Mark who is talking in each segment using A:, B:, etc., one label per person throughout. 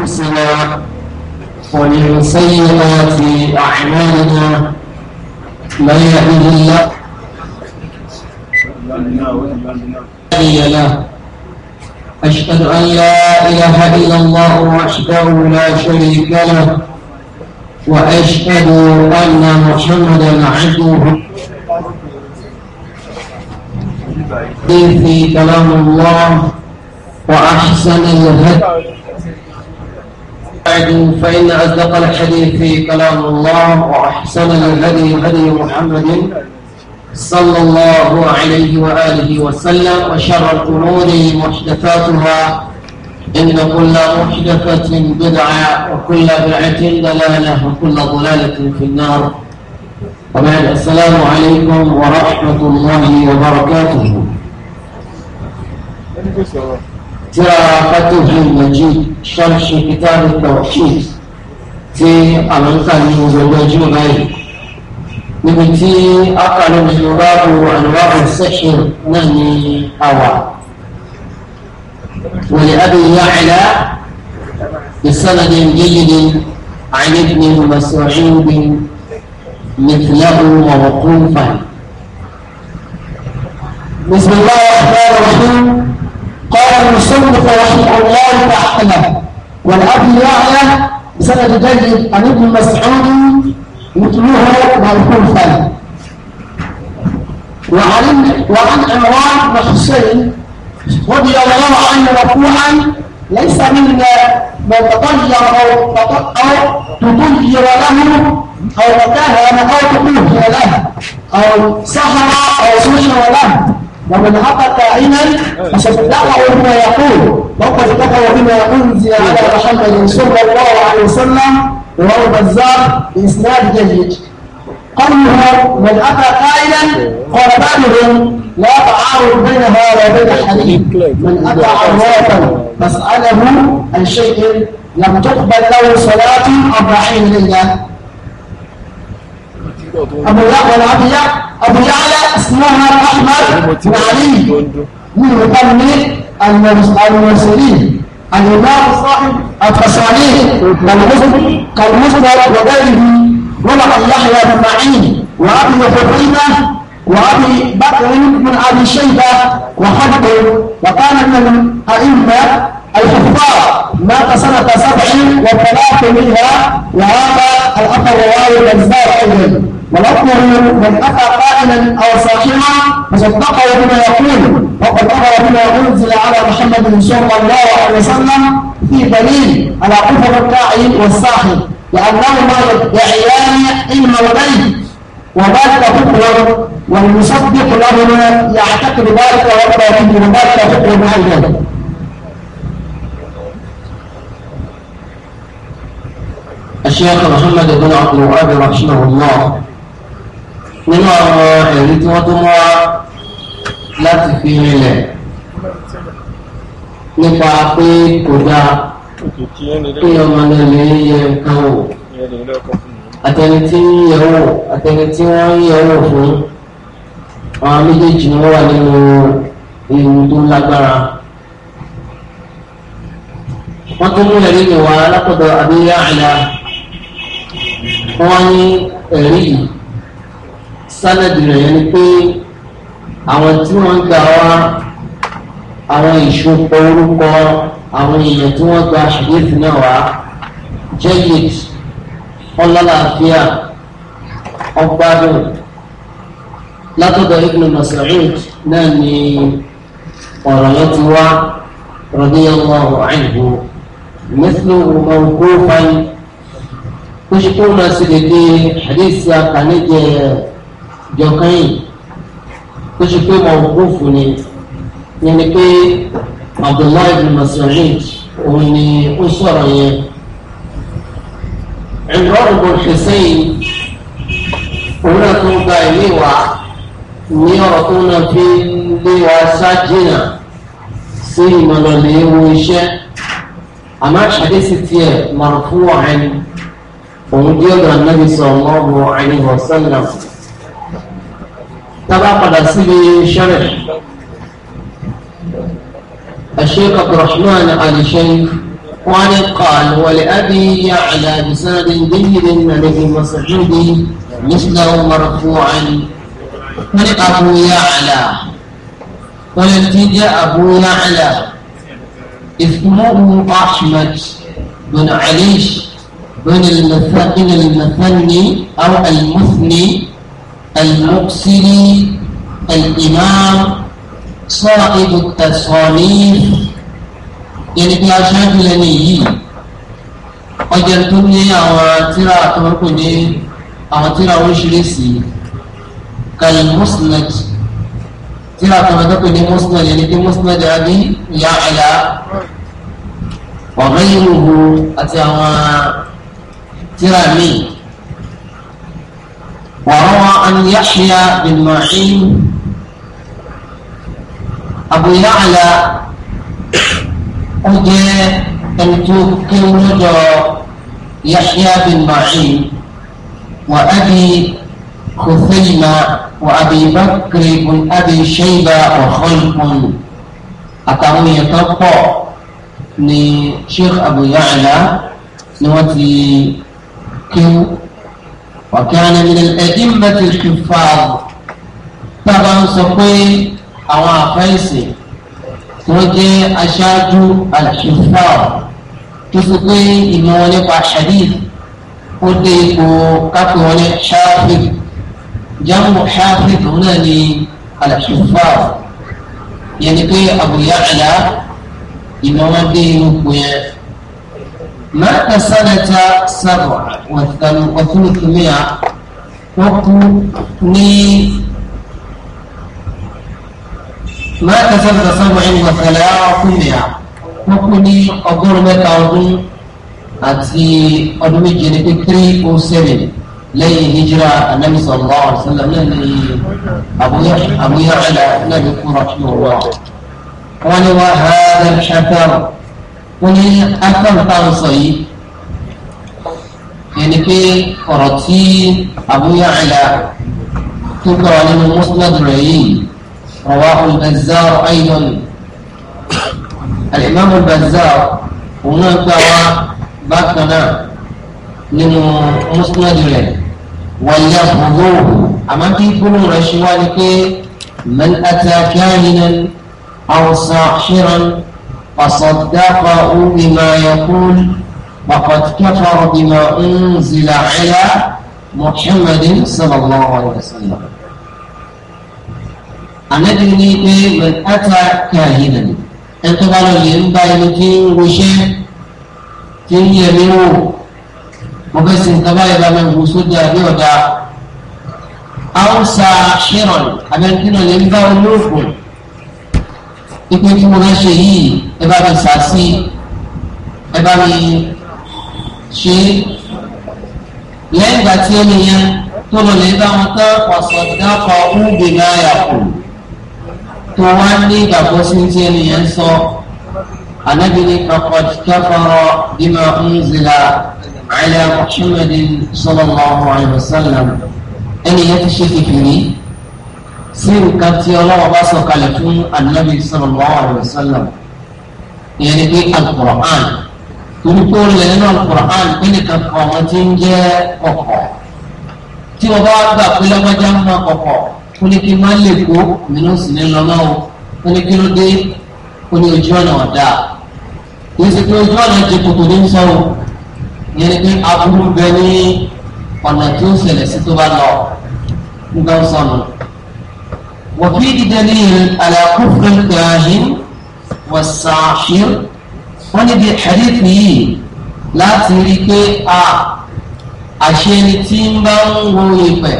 A: أنفسنا ومن سيئات أعمالنا
B: ما يهده الله هادي له أشهد أن لا إله إلا الله وحده لا شريك له وأشهد أن محمدا عبده في كلام الله وأحسن الهدي بعد فإن أصدق الحديث كلام الله وأحسن الهدي هدي محمد صلى الله عليه وآله وسلم وشر الأمور محدثاتها إن كل محدثة بدعة وكل بدعة ضلالة وكل ضلالة في النار وبعد السلام عليكم ورحمة الله وبركاته. ترى فتح المجيد شرح كتاب التوحيد في أمريكا المزوجين غيره níbi tí akàlù ìṣòro àníwáàbù sẹ́ṣìn náà ní àwà
A: wòlé abìyá
B: ẹ̀dá ìsànàdì ìjẹ́jìdì àyẹ̀dì mọ̀sọ̀rọ̀ṣẹ́bì nìfìlẹ́bù mọ̀wọ̀kún fàì. بسم الله الرحمن الرحيم قال المصنف رحمه الله تعالى والأبي يعلى بسند جيد عن ابن مسعود مثله موقوفا وعن وعن عمران بن حسين رضي الله عنه مرفوعا ليس منا من تطير او او تطير له او تكهن او تطير له او سهر او سهر له ومن حق عينا فصدقه بما يقول وقد صدقه بما انزل على محمد صلى الله عليه وسلم وهو بزار باسناد جيد قوله من اتى قائلا قال بعضهم لا تعارض بينها وبين الحديث من اتى عرافا فاساله عن شيء لم تقبل له صلاه اربعين ليله ابو يعقوب العبد أبو يعلى اسمها أحمد وعلي من مقنن المرسلين الإمام صاحب كالمسلم كالمسلم وغيره ولقد يحيى بن معين وأبي فطيمة وأبي بكر بن أبي شيبة وحبه وكان من الأئمة الكفار مات سنة سبع وثلاث منها وهذا الأثر رواه الأنصار أيضا ولكن من اتى قائلا او صاحبا فصدقه بما يقول وقد اخر بما انزل على محمد صلى الله عليه وسلم في دليل على كفر الداعي والصاحب لانهما يعيان علم الغيب
A: وذلك كفر
B: والمصدق لهما يعتقد ذلك ويقرا به وذلك كفر مع ذلك الشيخ محمد بن عبد الوهاب رحمه الله nínú àwọn ẹ̀rí tí wọ́n tó mọ́ wá láti fi rinlẹ̀ nípa pé kò dáa kí ọmọ náà lè yẹ nǹkan wò àtẹni tí ń yẹ wò àtẹni tí wọ́n ń yẹ wò fún àwọn méjèèjì ni wọ́n wà nínú ewu tó lágbára. wọ́n tó mú ẹ̀rí mi wá lápọ̀dọ̀ àbí yáàlá wọ́n ní ẹ̀rí yìí sánàdì rẹ̀ yẹn ni pé àwọn tí wọ́n gbà wá àwọn ìṣòpọ̀ orúkọ àwọn èèyàn tí wọ́n gba àṣìlẹ́sì náà wá jẹ́yẹt ọlọ́láàfíà ọgbádùn látọ̀dọ̀ ibn Mas'ud náà ni ọ̀rọ̀ yẹn ti wá radiyallahu anhu mithlu mawqufan tó ṣe kó náà sì lè dé àdéhìsí àkànníjẹ́ rẹ̀ jọkan yìí ó ṣe pé wọn kún fún ni ni ni pé abdullahi bin mas'ud òun ni ó sọ̀rọ̀ yẹn Imran bin Husayn òun náà tó ń gba ìwé wa ní ọ̀rọ̀ tó náà fi lé wa ṣáàjìnà sí ìmọ̀lọ́lẹ̀ ewu iṣẹ́ àmọ́ àṣàdésì tiẹ̀ màrúfú ọ̀hẹ́ni òun jẹ́ ọ̀dọ̀ anábìsọ̀ ọ̀mọ́ ọ̀hún àìníwọ̀ sẹ́lẹ̀ tábà padà síbi sẹ́rẹ̀ الشيخ عبد الرحمن آل الشيخ وعن قال ولأبي يعلى بسند جيد عن ابن مسعود مثله مرفوعا من أبو يعلى ولتجاء أبو يعلى اسمه أحمد بن علي بن المثني المثني أو المثني المقسم الإمام صاحب التصانيف yẹni pé aṣáájú lẹni yìí ọjà tó ní àwọn tíra àtọwọ́pọ̀ ní àwọn tíra oríṣiríṣi kàlí musnad tíra àtọwọ́pọ̀ ní musnad yẹni pé musnad àbí ìyá àlá ọ̀rẹ́ ìrùhù àti àwọn tíra míì. وروى عن يحيى بن معين أبو يعلى أجي أن تكون يحيى بن معين وأبي خثيمة وأبي بكر بن أبي شيبة وخلق àtàwọn èèyàn لشيخ أبو يعلى Sheikh كيو وكان من الأئمة الحفاظ طبعا سقي أو عفيسي توجي أشاج الحفاظ تسقي إمام حديث قلت كقول حافظ جمع حافظ هنا الحفاظ يعني كي أبو يعلى إمام دين مات سنة سبع وثلاثمائة وكني مات سنة سبع وثلاثمائة وكني أقول متى أظن àti ọdún méje ní pé three oh seven lẹ́yìn hijira anabi sallallahu alayhi wa sallam náà ní Abu Ya'la náà ní kúrò àti òwúrọ̀ wọn ni ó ní akọ́rù táwọn sọ yìí ẹni pé ọ̀rọ̀ tí Abu Ya'la tó gbà wá nínú musnad rẹ̀ yìí rawahu al-Bazzar aydan al-Imam al-Bazzar òun náà gbà wá bákan náà nínú musnad rẹ̀ wàlẹ́ àbúrò àmọ́ kí gbólóhùn rẹ̀ ṣe wá ni pé man ata kahinan aw sahiran. فصدقوا بما يقول فقد كفر بما أنزل على محمد صلى الله عليه وسلم anabi ní pé mẹ́ta kàhínà ẹni tó bá lọ lè ń bá ẹni tí ń roṣẹ́ tí ń yẹ mí wò mo fẹ́ sin nǹkan báyìí bá mẹ́rin wo sójà bí ọ̀dà haúsá ṣẹ́rọ̀n abẹ́ńkínà lè bá olóògùn ipe tí mo fẹ́ ṣe yìí ẹ bá mi sà sí ẹ bá mi ṣe lẹ́yìn ìgbà tí ẹni yẹn tó lọ lè bá wọn tán ọ̀sọ̀ dákọ̀ ńgbè náà yàtọ̀ tó wá ní ìgbàgbọ́ sí ti ẹni yẹn sọ anábìrin kakọ̀d kẹfọ́rọ̀ bímọ ńzìlá ala muhammadin sallallahu alayhi wa ẹni yẹn ti ṣe kékeré sí nǹkan tí ọlọ́wọ́ bá sọ kalẹ̀ fún anabi sallallahu alaihi wasallam ìyẹn ni pé alukur'an torí pé ó lẹ̀ nínú alukur'an pé nìkan kan àwọn tí ń jẹ́ ọkọ̀ tí wọ́n bá gbà pé lọ́gbọ́já ń mọ ọkọ̀ ó ní kí n má lè kó mi ló sì ní lọ́nà o ó ní kí ló dé ó ní ojú ọ̀nà ọ̀dà kì í ṣe pé ojú ọ̀nà ti kòtò ní sọ́run ìyẹn ni pé aburú bẹ ní ọ̀nà tí ó ṣẹlẹ̀ sí tó bá lọ nígbà ó sọnù. وفيه دليل على كفر الكاهن والساحر wọ́n níbi hadith yìí láti rí pé a àṣẹni tí ń bá ń wo ìpẹ̀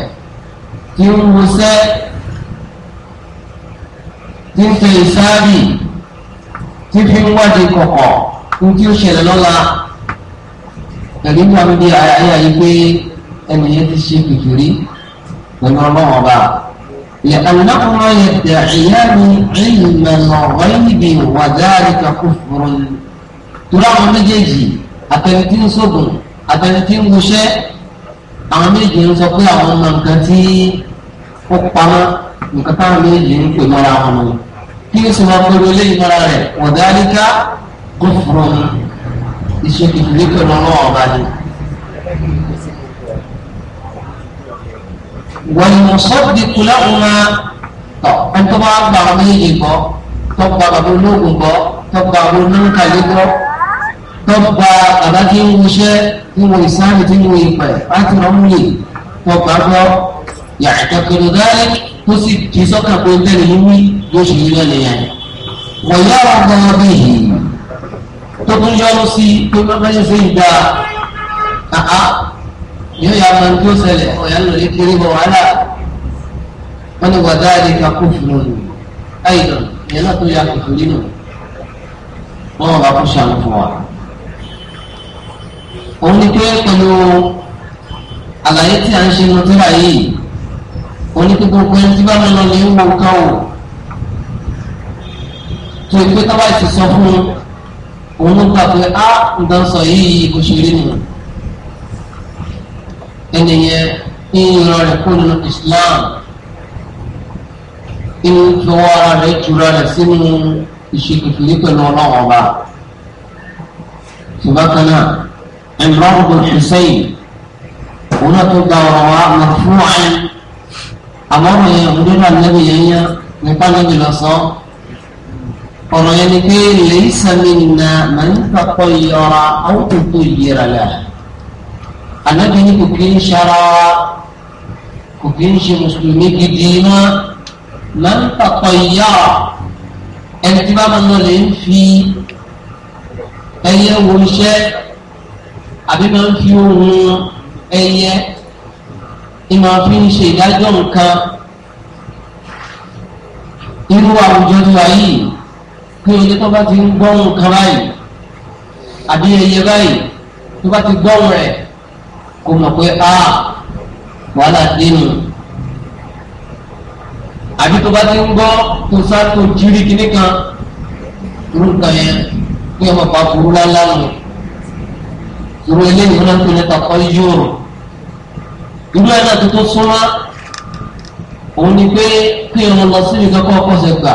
B: tí ń wosẹ́ tí ń tẹ ìsáàbì tí fi ń wádìí kọ̀kọ̀ ní tí ó ṣẹlẹ̀ lọ́la pẹ̀lú ìgbà mi di àyà yìí pé ẹnìyẹn ti ṣe kìkìrí pẹ̀lú ọlọ́wọ́n báà. لأنهما يدعيان علم الغيب وذلك كفر ترى àwọn méjèèjì àtẹnití ń sọ̀gùn àtẹnití ń wuṣẹ́ àwọn méjì ń sọ pé àwọn ọmọ nǹkan tí ó pamọ́ nǹkan táwọn méjì ń pè mọ́ra wọn ni kí ó sì máa pẹ̀lú eléyìí mọ́ra rẹ̀ وذلك كفر ìṣèkìlì pẹ̀lú ọlọ́wọ́ ọba ni. والمصدق لهما أن تبع بعضيه بو تبع بلوغ بو تبع بلوغ كالبو تبع أباكي ومشي هو إسلام تنوي إبقى أترمي تبع بو يعتقد ذلك تسيب جيسوك بنتين يمي يشهد لي ويرضى به تبع يوسي تبع يسيدا أه yóò yà máa ń tó ṣẹlẹ̀ ọ̀yà ń lò ní kiri bọ̀ wàhálà wọn ni wàdá àdé kakó fúnra nù àìdàn ìyẹn náà tó yà kòtò nínú wọn bá kó sànù fún wa. òun ni pé pẹ̀lú àlàyé tí a ń ṣe nọtẹ́rà yìí òun ni pé gbogbo ẹni tí bá lọ ní wọ kán o tó ìpè tábà ti sọ fún un òun ló gbà pé a ń dán sọ yìí kò ṣe rí nìyẹn ẹni yẹn ní ìran rẹ̀ kó nínú Islam inú fọwọ́ ara rẹ̀ jura rẹ̀ sínú ìṣèkèfèrè pẹ̀lú ọlọ́run ọba ṣùgbọ́n kan náà Imran bin Hussein òun náà tó gba ọ̀rọ̀ wa mọ̀ fún àyè àmọ́ ọ̀rọ̀ yẹn òun nínú àlẹ́bí yẹn yẹn nípa lẹ́bi lọ ọ̀rọ̀ yẹn ni pé lè sàmì nà máa ń tọkọ yọra àwọn tó tó yẹra lẹ́yìn ànábì ní kò kí ń ṣara kò kí ń ṣe mùsùlùmí gidi mọ́ máa ẹni tí bá máa ń lọ lè ń fi ẹyẹ wo iṣẹ́ àbí máa ń fi ohun ẹyẹ ni máa fi ń ṣe ìdájọ́ nǹkan irú àwùjọ tí wà yìí pé oye tó bá ti ń gbọ́ nǹkan báyìí àbí ẹyẹ báyìí tó bá ti gbọ́ rẹ̀ kó mọ̀ pé a wàhálà dénú àbí tó bá ti ń gbọ́ kó sáàtò jírí kíní kan irú nǹkan yẹn kí ọmọ pa burú lálá nù irú eléyìí wọn tó lè takọ yóòrò irú ẹ̀ náà tó tó súnmọ́ òun ni pé kí ọmọ lọ sí nìkan kọ́ ọkọ̀ ṣe gbà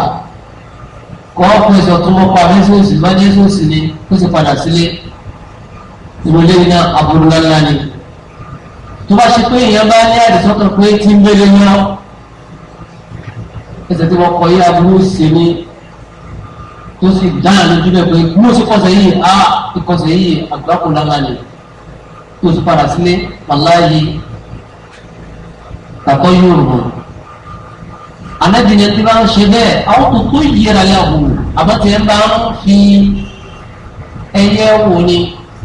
B: kọ́ ọkọ̀ ẹ̀sọ̀ tó pa jésù sì má jésù sì ni kó sì padà sílé irú eléyìí náà aburú lálá ni tó bá ṣe pé èèyàn bá ní àdìsọ́kàn pé tí ń bẹ́lẹ̀ ní ọ́ ẹsẹ̀ tí wọ́n kọ yé aburú sí ni tó sì dáhà lójú bẹ́ẹ̀ pé bí mo kọsẹ̀ yìí a ìkọsẹ̀ yìí àgbákò lára ni tó ti padà sílé wàláyé tàkọ́ yóò rọ̀ anábìyẹn tí bá ń ṣe bẹ́ẹ̀ àwọn tó tó yẹra yàgò àbátẹ̀ bá ń fi ẹyẹ wò ni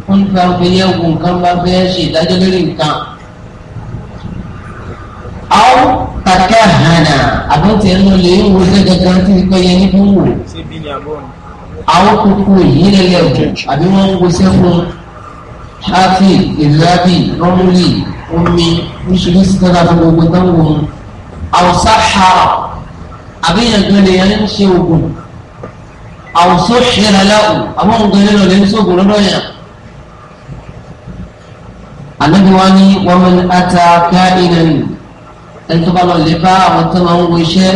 B: wọ́n ń fi àwọn ẹyẹ wò nǹkan bá fẹ́ ṣe ìdájọ́ lórí nǹkan àwọn tàkà hànà àbọ̀tẹ̀ ẹnu lè ń wo ṣẹ́ gangan tí ìpẹ́ yẹn ní fún wò. àwọn kókó yìí lẹ́lẹ̀ ọ̀jọ̀ àbí wọ́n ń wo sẹ́fún hafi ìlàbí rọ́múlì omi níṣubú sítọ́lá fún gbogbo tán wò ó. àwùsá ha àbí yẹn gan lè yẹn ń ṣe oògùn àwùsó ṣẹlẹ̀ aláwọ̀ àwọn nǹkan yẹn lè ń ṣoògùn lọ́dọ̀ yẹn. àlejò wa ata káàdì náà ẹni tó bá lọ lè bá àwọn tó máa ń wo iṣẹ́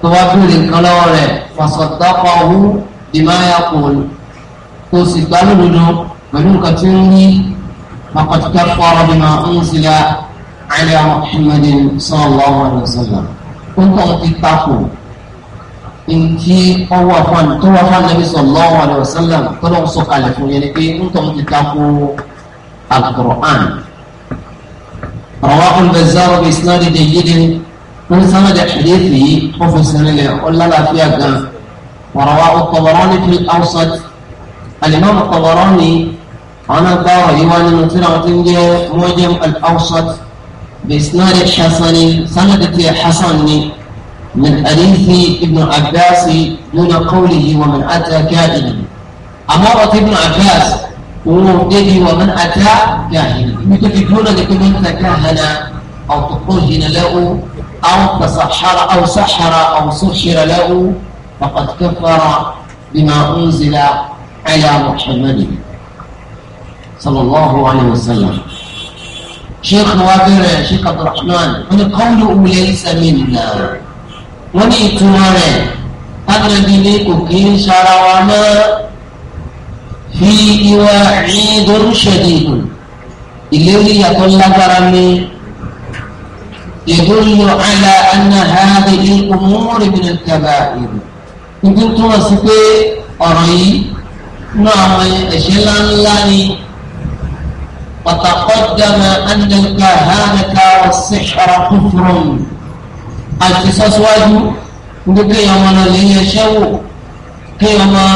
B: tó wá bèrè nǹkan lọ́wọ́ rẹ̀ fàṣọ̀tàpọ̀ ọ̀hún ìmáyà kò kò sì gbá lódodo pẹ̀lú nǹkan tí ń rí pàpàtàkì fọ́ọ̀rọ̀ bí máa ń sílẹ̀ àìlẹ́ Muhammadin sallallahu alaihi wasallam ó ń tọ́ ti takò ntí ọwọ́ àfọ̀n tó wà fún anabi sallallahu alaihi wasallam tó lọ́wọ́ sọ̀kalẹ̀ fún yẹn ni pé ń tọ́ ti takò al-Qur'an. رواه البزار بإسناد جيد من سند حديثه وفي سنة ولا لا فيها ورواه الطبراني في الأوسط الإمام الطبراني أنا قال إيمان من سنة موجم الأوسط بإسناد حسن سندة حسن من حديث ابن عباس دون قوله ومن أتى كائنا أمارة ابن عباس وموجدي ومن أتى كاهنا يتفكرون لكم من تكهن أو تقهن له أو تسحر أو سحر أو سحر له فقد كفر بما أنزل على محمد صلى الله عليه وسلم شيخ نوابر شيخ عبد الرحمن من قوله ليس منا ومن إتمانه أنا بنيكو كين شاروانا fi ìwà ìdòrú ṣẹ̀dìdù ìlérí yàtọ̀ lágbára ni ìdòrú àlà anahàdé ìkùnmọ́rì bìnnà kaba ìlú. Ibi túmọ̀ sí pé ọ̀rọ̀ yìí nú àwọn ẹ̀ṣẹ̀ ńláńlá ni ọ̀tàkọ́dàmà àndàkà hànàkà ọ̀sẹ̀ṣọ̀rọ̀ kúfúrọ̀ àti sọ́síwájú nígbà yàwọn ọ̀nà lè yẹ ṣẹ́wò kí wọ́n máa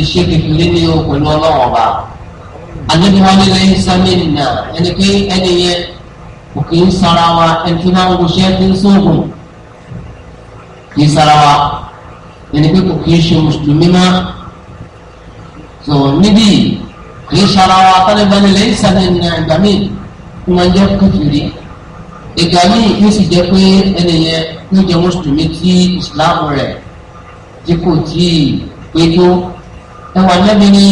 B: ìṣe kékeré ní o pẹ̀lú ọlọ́run ọba ànábi wọn ní lẹ́yìn sámẹ́lì náà ẹni pé ẹni yẹn kò kì í sara wa ẹni tí wọn kò ṣe ẹni sóògùn kì í sara wa ẹni pé kò kì í ṣe mùsùlùmí má so níbí kì í sara wa tọ́lẹ́bẹ́ni lẹ́yìn sámẹ́lì náà ìgbà míì kí wọ́n jẹ́ kófìrí ìgbà míì yóò sì jẹ́ pé ẹni yẹn yóò jẹ́ mùsùlùmí tí ìsìlámù rẹ̀ tí pé tó ẹwà lẹ́bi ni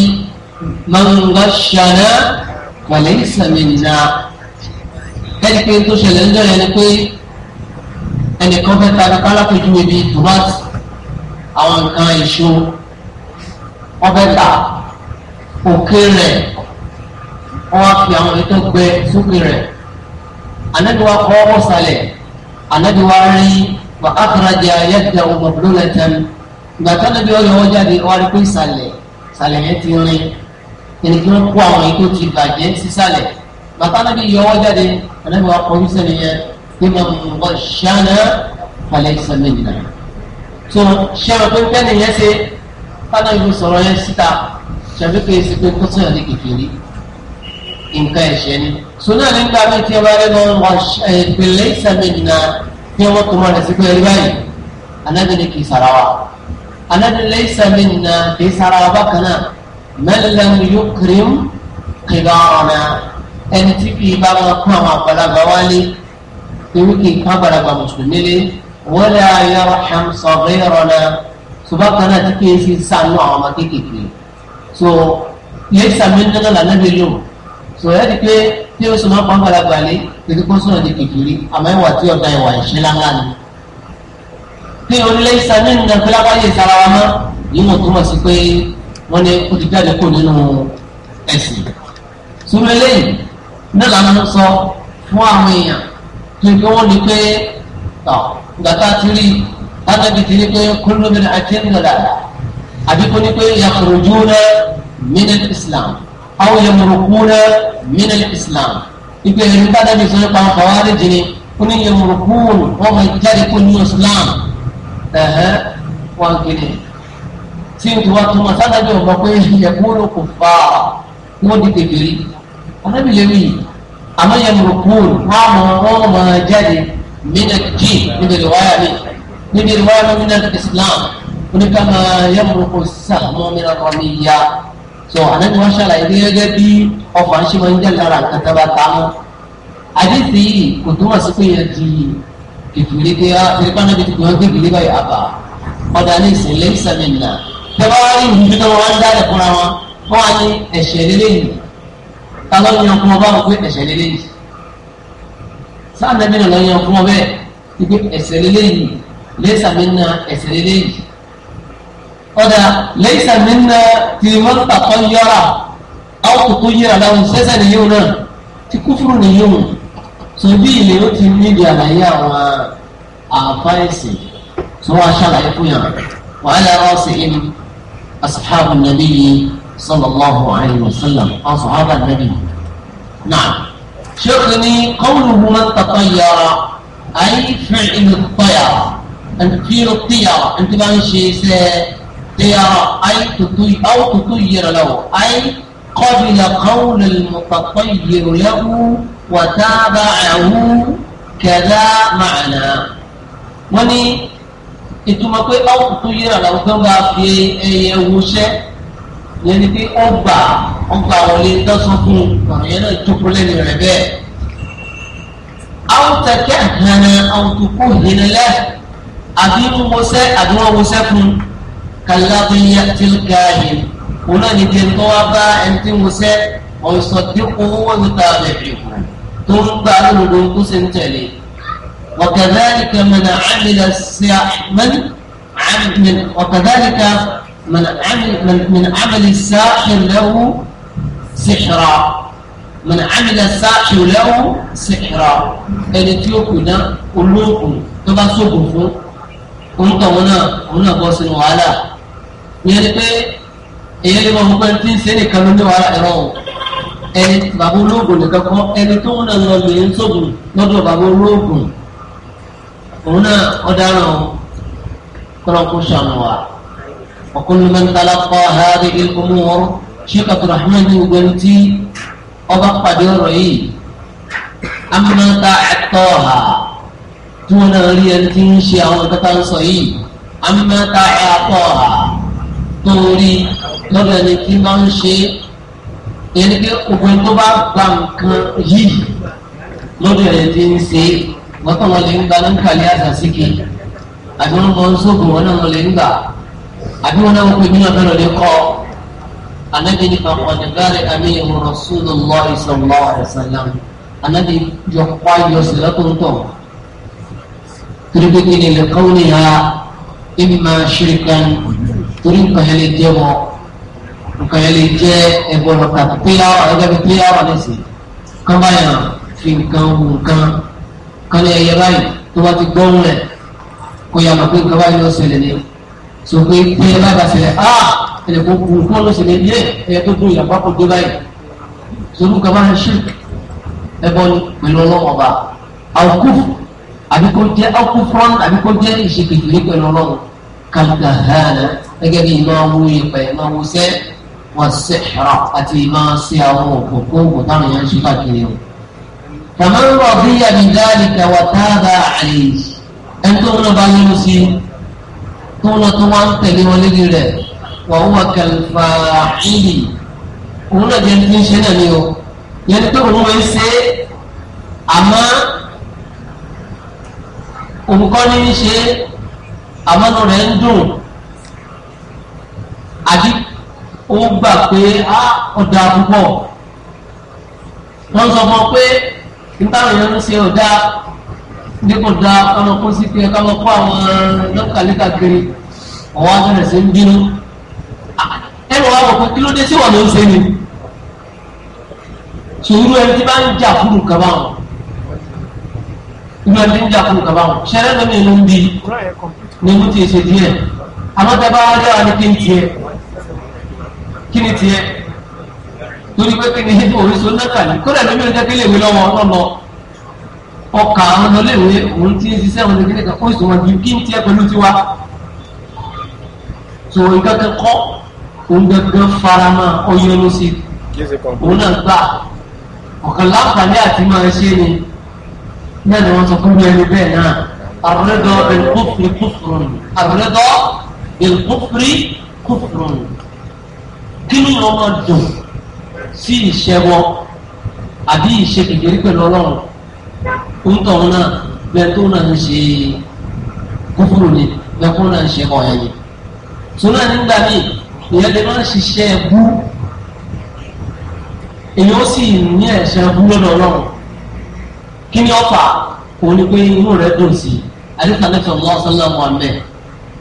B: mọ̀nùgbà ṣàná wàlẹ́ ìsàmìnà ẹni pé tó ṣẹlẹ̀ ń dọ̀rẹ́ ni pé ẹnìkan fẹ́ ta kankan lápẹ̀jú ibi tomat àwọn nǹkan èso ọbẹ̀ ta òkè rẹ̀ wọ́n á fi àwọn ètò gbẹ sókè rẹ̀ anabiwa kọ́ ọ̀sàlẹ̀ anabiwa rí wà á kàrà jẹ́ ayẹ́dẹ̀ ọmọ bùrọ̀lẹ̀ tẹ́lẹ̀ gbàtà níbi ọ̀yọ́ wọ́n jáde wọ́n á rí pé ìsàlẹ̀ ìsàlẹ̀ yẹn ti rin ẹni kí wọ́n kó àwọn ètò ti bàjẹ́ sísàlẹ̀ bàtà náà bí yọwọ́ jáde ànábi wa kọ́ wíṣẹ́ nìyẹn bí mo mú bọ́ ṣáná falẹ̀ ìsàlẹ̀ nìyẹn. tó ṣẹ́wọ̀n tó ń tẹ́ nìyẹn ṣe fáná ìlú sọ̀rọ̀ yẹn síta ṣàbíkẹ́ ẹ̀sìn pé kó sọ̀rọ̀ ní kékeré nǹkan ẹ̀ṣẹ̀ ni. sọ́nà nígbà mi ti wá lẹ́nu ìpínlẹ̀ ìsàlẹ̀ nìyẹn tí wọ́n tó mọ̀ rẹ̀ sí pé ẹ anabi laysa minna kì í sara ọba kan náà mẹlẹm yukrim kibarana ẹni tí kì í bá wọn kún àwọn àgbàlagbà wálé ewu kì í kún àgbàlagbà mùsùlùmí lé wala yarham saghirana ṣùgbọ́n kan náà tí kì í sì sànú àwọn ọmọ kéékèèké so laysa minna náà lànàbí lò so ẹ di pé tí o sọ ma pàǹpàlà gbàlé ètò kó sọ̀rọ̀ di kékeré àmọ́ ìwà tí ọ̀dà ìwà ìṣẹ́lá ńlá ni pé onílé ìsàmì nìyẹn pé lágbáyé ìsara wa mọ́ yìí mo túmọ̀ sí pé wọ́n ní ó ti jáde kó nínú ẹ̀sìn. sùúrù eléyìí náà làwọn ń sọ fún àwọn èèyàn tó ń pé wọ́n ní pé tọ̀ gbàtà ti rí tábẹ́bí ti rí pé kúlóbìnrin àti ẹ̀ńdọ̀dà àbí kó ní pé yàtọ̀rọ̀jú rẹ̀ mínẹ́lì Islam àwọn yàmùrùkú rẹ̀ mínẹ́lì Islam ìgbé ẹ̀rí tábẹ́bí sọ nípa àwọn kọ̀wárí jìnnì ó ní yàmùrùkú wọn máa jáde kó nínú Islam ẹ̀hẹ́ wọn gidi tí o ti wá túmọ̀ sátájú ọ̀gbọ́n pé yẹ̀kún ló kò fà á wọ́n di kékeré anábì lè rí àmọ́ yẹn mọ̀ kú wọ́n mọ̀ wọ́n mọ̀ jáde mílẹ̀ níbi ìwáyà mi níbi ìwáyà mi mílẹ̀ Islam oníkàmà yẹn mọ̀ kó sàmọ́ mílẹ̀ kọ́ mi yá so anabi wọn ṣàlàyé gẹ́gẹ́ bí ọkọ àṣìwọn jẹ lára nǹkan tó bá ta mọ àdìsí kò túmọ̀ sí pé yẹn di kìkìlì pé á tẹ̀lépá náà ti gbọ́n kìkìlì báyìí àbá ọ̀dà ní ìsìn lẹ́sẹ̀ mi nà tẹ́wọ́ wá ní ìlú náà wọ́n á dáadẹ̀ fúnra wọn wọ́n á ní ẹ̀ṣẹ̀ lélẹ́yìn táwọn ní ọkùnrin ọba wọn pé ẹ̀ṣẹ̀ lélẹ́yìn sáà nẹ́bí náà lọ́yìn ọkùnrin ọbẹ̀ ìgbé ẹ̀ṣẹ̀ lélẹ́yìn lẹ́sẹ̀ mi nà ẹ̀ṣẹ̀ lélẹ́yìn ọ̀dà lẹ́sẹ̀ mi nà tìrìmọ́tà kan tó bí ilé ó ti níbi àlàyé àwọn àfáìsì tó wá ṣàlàyé fún yàn wàhálà ọ̀sẹ̀ ìlú asàbù nàbí yìí sallallahu alayhi wa sallam àwọn sàhábà nàbí náà ṣéèkì ní kọ́wùlù hu máa ń tàkọ́ yàrá ayé fẹ́ ìlú tọ́yàrá ẹnfíìlú tíyàrá ẹnfí bá ń ṣe iṣẹ́ tíyàrá ayé tuntun àwọn tuntun yẹrẹ lọ́wọ́ ayé kọ́bìlà kọ́wùlù mọ̀tàkọ́ yẹrẹ lọ́wọ́ wàtábàáhù kẹlá màánà wọ́n ní ìtumọ̀ pé ọ̀hún tó yẹra làwọn tó bá fi ẹyẹ wọṣẹ́ yẹn ni pé ọgbà ọgbà wọlé tọ́sán fún ọ̀rọ̀ yẹn náà jókòó lẹ́nu rẹ̀ bẹ́ẹ̀. àwọn tẹ̀kẹ́ hànà àwọn tó kú hìnnà lẹ́ àbí wọṣẹ́ àbí wọ́n wọṣẹ́ fún kàlábíyà tìlgáyìn òun náà ní kí n tọ́wọ́ bá ẹni tí wọṣẹ́ ọ̀sọ̀dínkù wọ́n ti ta àbẹ̀bẹ̀ fún un tó ń gbà lódodo tó ṣe ń tẹ̀lé وكذلك من عمل من عمل وكذلك من عمل من, من عمل الساحر له سحرا من عمل الساحر له سحرا ẹni tí ó kù náà olóògùn tó bá sóògùn fún òun tọ̀hún náà òun náà bọ́ sínú wàhálà ìyẹn ni pé èyí ni wọn mú pé tí ń ṣe nìkan ló ní wàhálà ẹ̀rọ ẹni bàbá olóògùn nìkan kọ́ ẹni tó ń lọ lè ń sóògùn lọ́dọ̀ bàbá olóògùn òun náà ọ̀daràn kọ́nọ́kú sànùwà ọkùnrin máa ń tala kọ́ ààrẹ ikú mú wọn sheikh abdulrahman ní gbogbo ẹni tí ọba pàdé ọ̀rọ̀ yìí amúnáta ẹ̀tọ́ ha tí wọn náà rí ẹni tí ń ṣe àwọn ìkẹta ń sọ yìí amúnáta ẹ̀tọ́ ha tó rí lọ́dọ̀ ẹni tí máa ń ṣe yẹn ni pé ogun tó bá gba nǹkan yìí lórí rẹ̀ ti ń ṣe wọ́n tán wọn lè ń gba ní kàlẹ́ àṣàṣìkè àbí wọn mọ nsógun wọn náà wọn lè ń gbà àbí wọn náà wọn pè ní ọ̀bẹ lọ́dẹ kọ́ anabi ní kakọ̀dé bẹ́ẹ̀rẹ̀ àmì ìwòrán sùnù lọ́ ìsọ̀lọ́ ọ̀sán anabi yọ pa yọ sí lọ́tọ̀ọ̀tọ̀ tìrìbìkì ni lè kọ́ ní ha ìmọ̀ ṣìrìkan torí nǹkan yẹn lè jẹ́ wọn nǹkan yẹn lè jẹ́ ẹbọ lọ́ta píláwà ẹgbẹ́ bíi píláwà lẹ́sìn kán báyà fi nǹkan wù nǹkan kán lè yẹ báyìí tó bá ti gbọ́ ń rẹ̀ kó yà máa pé nǹkan báyìí ló ṣẹlẹ̀ ni sọ pé tí ẹ bá bá ṣẹlẹ̀ á ẹ̀lẹ́ kó kú kó ló ṣẹlẹ̀ ní ẹ̀yẹ tó dùn ìyàpá kó dé báyìí sọ fún kaba ń ṣe ẹbọ ni pẹ̀lú ọlọ́wọ́ ọba àwòkúfù àbí kó jẹ́ àwòkúfọ́n àbí kó jẹ́ ìṣèkèjì pẹ̀lú ọlọ́wọ́ kàlùkà hàn ẹgẹ́ bí ìmọ̀ àwọn ìpẹ́ ìmọ̀ àwọn sẹ́ẹ̀ wọ́n ṣe ẹ̀rọ àti máa ṣe àwọn òkòkò òkò táwọn yẹn ń ṣe káàkiri o. kàmá ń rọ̀ bí àbíjáde kẹwàá táàbà àlè ẹni tó ń lọ bá yẹnu sí tó ń lọ tó wá ń tẹ̀lé wọn lédi rẹ̀ wọ́n wọ́n kẹlifà ìdì òun náà jẹ́ ní ṣe náà ni o yẹn tó òun wọ́n ṣe àmọ́ òun kọ́ ní ṣe àmọ́nu rẹ̀ ń dùn àbí ó gbà pé á ọ̀dà púpọ̀ wọ́n sọ fún ọ pé nítawọn èèyàn ń ṣe ọ̀dà dípò da ọmọ kó sí pé ká lọ kó àwọn lọ́kàlíkà kiri ọ̀wọ́ abẹ́rẹ́ sí ń bínú ẹnu wa wọ̀ pé kí ló dé sí wọ́n ló ń ṣe ni sòwúrú ẹni tí bá ń jà fún nǹkan báwọn ìlú ẹni tí ń jà fún nǹkan báwọn ṣẹlẹ̀ lómi ìlú ń bi ni mo ti ṣe díẹ̀ àmọ́ tẹ bá wá jẹ́ wa ní kí n tiẹ̀ kí ni tiẹ̀ torí pé kí ni hídùn orísun náà ní kódà lómi ò jẹ́ kí léèwé lọ́wọ́ ọlọ́lọ́ ọkà àwọn ọlọ́léèwé òun ti ń ṣiṣẹ́ òun nìkan kan oṣù wọn ju kí n tiẹ̀ pẹ̀lú tiwa tó nǹkan kan kọ́ òun gangan farama ọyọ́nu sí òun náà gbà ọ̀kan láǹfààní àti máa ṣe ni náà ni wọ́n sọ fún mi ẹni bẹ́ẹ̀ náà àbúrẹ́dọ̀ bil kufri kufrun àbúrẹ́dọ̀ bil kufri kufrun kínú yẹn ọmọ dùn sí ìṣẹ́wọ́ àbí ìṣe kékeré pẹ̀lú ọlọ́run òǹtọ̀ òun náà bẹ́ẹ̀ tó náà ń ṣe kúfúrú ni bẹ́ẹ̀ tó náà ń ṣe ọ̀yẹ́ ni. tún náà nígbà míì ìyẹn lè máa ṣiṣẹ́ bú èyí ó sì ní ẹ̀ṣẹ̀ bú lọ́dọ̀ ọlọ́run kí ni ọ̀fà òun pé inú rẹ̀ dùn sí àdìsàn lẹ́fẹ̀ẹ́ mọ́ sọ́lá mọ́ àmẹ́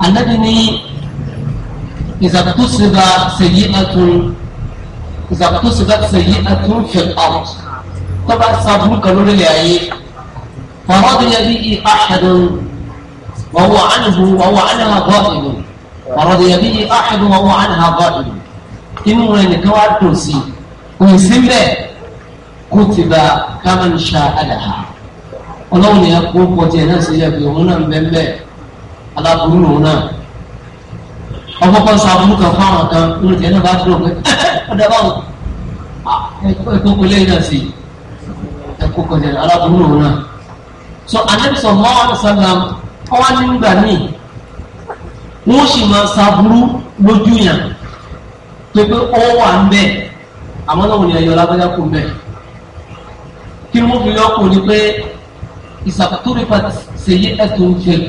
B: àdẹ́bí ní ìzàkúsìbà sèyí àtún ìzàkúsìbà sèyí àtún fi ọ̀rọ̀ tó bá sábúrú kan lórí ilẹ̀ ayé fọwọ́ tó yẹ bí i àhàdùn wọ́n wọ́n ànàbù wọ́n wọ́n ànàbà bọ́ọ̀lù fọwọ́ tó yẹ bí i àhàdùn wọ́n wọ́n ànàbà bọ́ọ̀lù inú rẹ̀ nìkan wá dùn sí kò sí bẹ́ẹ̀ kó ti bá kámánṣá àdàhà ọlọ́run yẹn kó pọ̀ tiẹ̀ náà sí yẹ pé òun náà ń bẹ́ẹ̀ bẹ́ẹ̀ aláburú lòun náà ọkọ̀kọ̀ sọ àbúrú kan fún àwọn kan lórí ìjẹ́ náà bá dúró pé ọ̀dọ̀ báwọn ẹ̀kọ́ kò léyìn náà sí ẹ̀kọ́ kò jẹ́ aláburú òun náà. so anábìsọ̀ mọ́ àwọn sọ́nà ọwọ́ nígbà míì wọ́n sì máa sàbúrú lójú yàn pé pé ó wà ń bẹ̀ àmọ́ náà wòlíì ayọ̀ lábẹ́yà kò ń bẹ̀. kí wọ́n fi yọkùn ni pé ìsàkàtúrì pàtì ṣèyí ẹ̀tùn fèl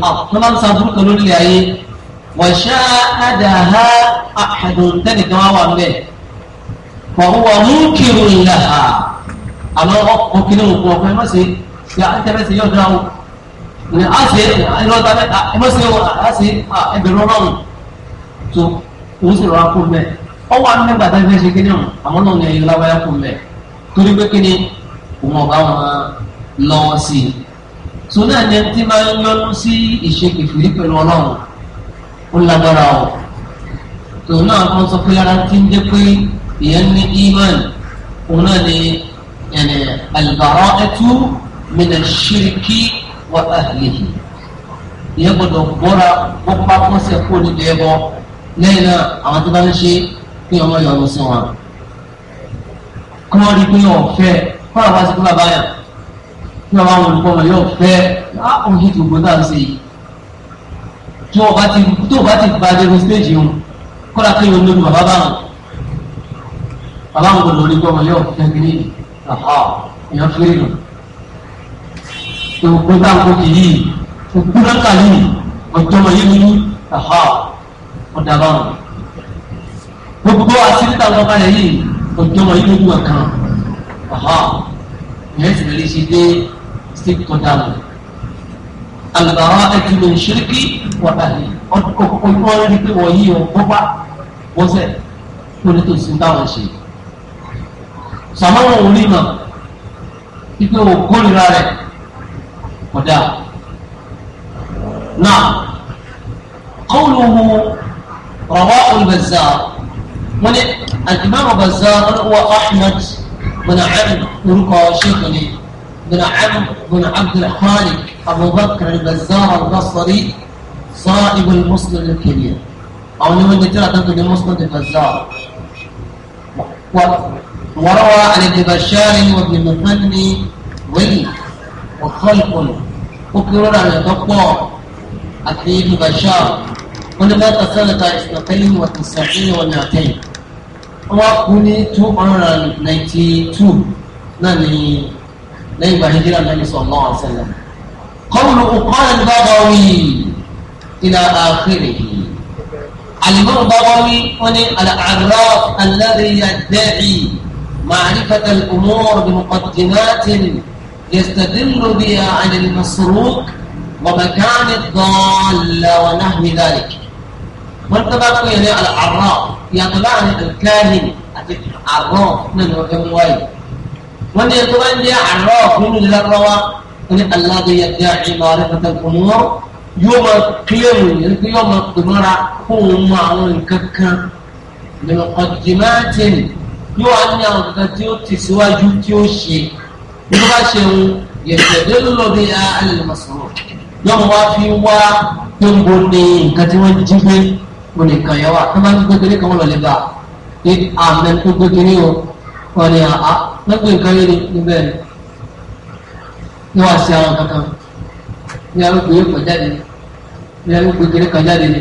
B: wàṣà àdàhà àhàdùntẹ́nì kan wà wà mẹ́ fọwọ́ múkìrù làhà àmọ́ ọkùnrin òkú ọkọ ẹ má ṣe ṣe àtẹ́fẹ́ ṣe yọ̀dọ̀ àwọn ní a ṣe ìrọ̀ta mẹ́ta ẹ má ṣe a ṣe ẹgbẹ̀rún ọlọ́run tó òun sì rọra kú mẹ́ ọ wà mẹ́ gbàtà fẹ́ ṣe kíni ọ̀hún àmọ́ náà ní ẹ̀yìn láwáyá kú mẹ́ torí pé kíni òun ọ̀gá wọn lọ́wọ́ sí i tó náà ní ẹni tí máa ń yọnu sí ìṣe pẹ̀lú ọlọ́run ó lágbára o tòun náà wọ́n sọ pé ara ti ń jẹ́ pé èèyàn ní iman òun náà ni ẹ̀nẹ̀ àlùbárọ́ ẹtú mìíràn ṣíríkì wà áhìlì èèyàn gbọ́dọ̀ bọ́ra bọ́pá pọ́sẹ̀ kó níbi ẹbọ lẹ́yìn náà àwọn tó bá ń ṣe kí ọmọ yọrù sí wọn kí wọ́n rí pé ọ̀fẹ́ kọ́ àwọn àti kí wọ́n bá yàn kí wọ́n bá wọn olùkọ́ wọn yóò fẹ́ ah, á yìí tó gbọ́dọ̀ àti sèyí tó o bá ti tó o bá ti gba dérú stéèjì wọn kódà kí wọn lórí bàbá báwọn bàbá wọn kò lórí gbọmọ yóò kẹkẹ ní àhọ èèyàn fúri lọ tó o gbé báńkò kì í òkú lọ́kà yìí ọjọ́ mọ yé mi ní àhọ ọ̀dà báwọn gbogbo àtìlítà lọ́ba rẹ̀ yìí ọjọ́ mọ yé mi ní ọ̀kan àhọ ìyẹn sì lè ṣe dé stéèjì tó dáa lọ àgbàrá ẹtùmí ṣíríkì wà láàyè ọdún wọn rí pé wọ́n yí wọn bọ́pá bọ́sẹ̀ tó ní tòsí táwọn ṣe. sàmáwọn òun nímọ̀ ipe òkórìíra rẹ̀ kọjá. náà kọ́wùlùhù rọ̀wá olùbẹ̀sà wọ́n ní àdìmọ́ ọ̀bẹ̀sà wọ́n ní wọ́n ahmed bọ̀nà ẹ̀rìn orúkọ ṣèkùnrin. بن عمرو بن عبد الخالق أبو بكر البزار البصري صائب المسلم الكبير أو لمن ترى تنتج المسلم البزار وروى عن ابن بشار وابن مثني ولي وخلق وكرر على الدكتور أخي ابن بشار ولمات سنة اثنتين وتسعين ومائتين وكنت 92 نعم lẹ́yìn ìgbà hijira nàbí sallallahu alaihi wasallam kọ́wùlù ọ̀kọ́rin Bagawi ila akhirihi alimọ́n Bagawi wọ́n ní al-a'raf alladhi yadda'i ma'rifat al-umur bi muqaddimatin yastadillu biha 'ala al-masruq wa makan ad-dall wa nahwi dhalik wọ́n tó bá kó yẹn ní al-a'raf yàtọ̀ láàrin al-kahin àti al-a'raf nínú ọjọ́ wáyé wọ́n ní ẹ̀tọ́ bá ń jẹ́ àrọ́ fún ìlú lọ́wọ́ wọ́n ní aláàbò yẹn jẹ́ ìmọ̀ rẹ̀ pẹ̀tẹ́ fún wọn yóò máa kílẹ̀mù yẹn kí yóò máa pè mọ́ra kó o mọ àwọn nǹkan kan nínú ọ̀dìmáàtìn yóò wá ní àwọn nǹkan tí ó tẹ̀síwájú tí ó ṣe bí wọ́n bá ṣe ń yẹ̀tẹ̀dẹ́ lọ́dẹ alẹ́mọ̀sọ̀rọ̀ yóò wá fi wá gbogbo ní nǹkan tí wọ́n jí gbé onìkan yẹn wà tó máa ń gbé kan wọ́n lọ lè bá a ní àmì tó o wọ́n ní àá lẹ́gbẹ̀ẹ́ nǹkan yé ni níbẹ̀ ni wọ́n á ṣe àwọn kankan ní arúgbó ni ní arúgbó kéré kọjá ni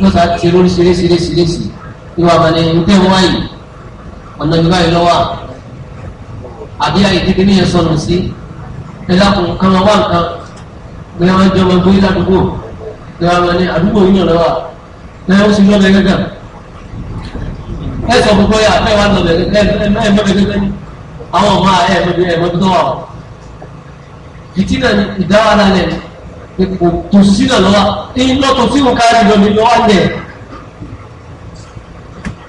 B: wọ́n sá ti rú ṣeréṣeréṣeréṣi ìwà àmàlẹ́ nígbà wáyé ọ̀nà ìgbà yìí lọ́wọ́ àbí àyè kékeré ní yẹn sọnù sí ẹlẹ́kùn kan wá nǹkan bóyá wọn jẹ́ ọmọ bóyá ládùúgbò bóyá wọn ní àdúgbò yìí lọ́wọ́ náà ó sì lọ́bẹ̀ẹ́ gẹ́gẹ́ ẹ sọ fún bóyá ẹ wà lọ́bẹ̀ẹ́ gẹ́gẹ́ àwọn ọmọ ẹ ẹmọdé ẹmọdé tó wà o ìtìnà ìdáwà náà lẹ kò tó sí náà lọ́wọ́ ẹyin lọ́tọ̀ tí mo kárí lọ ní lọ́wọ́ lẹ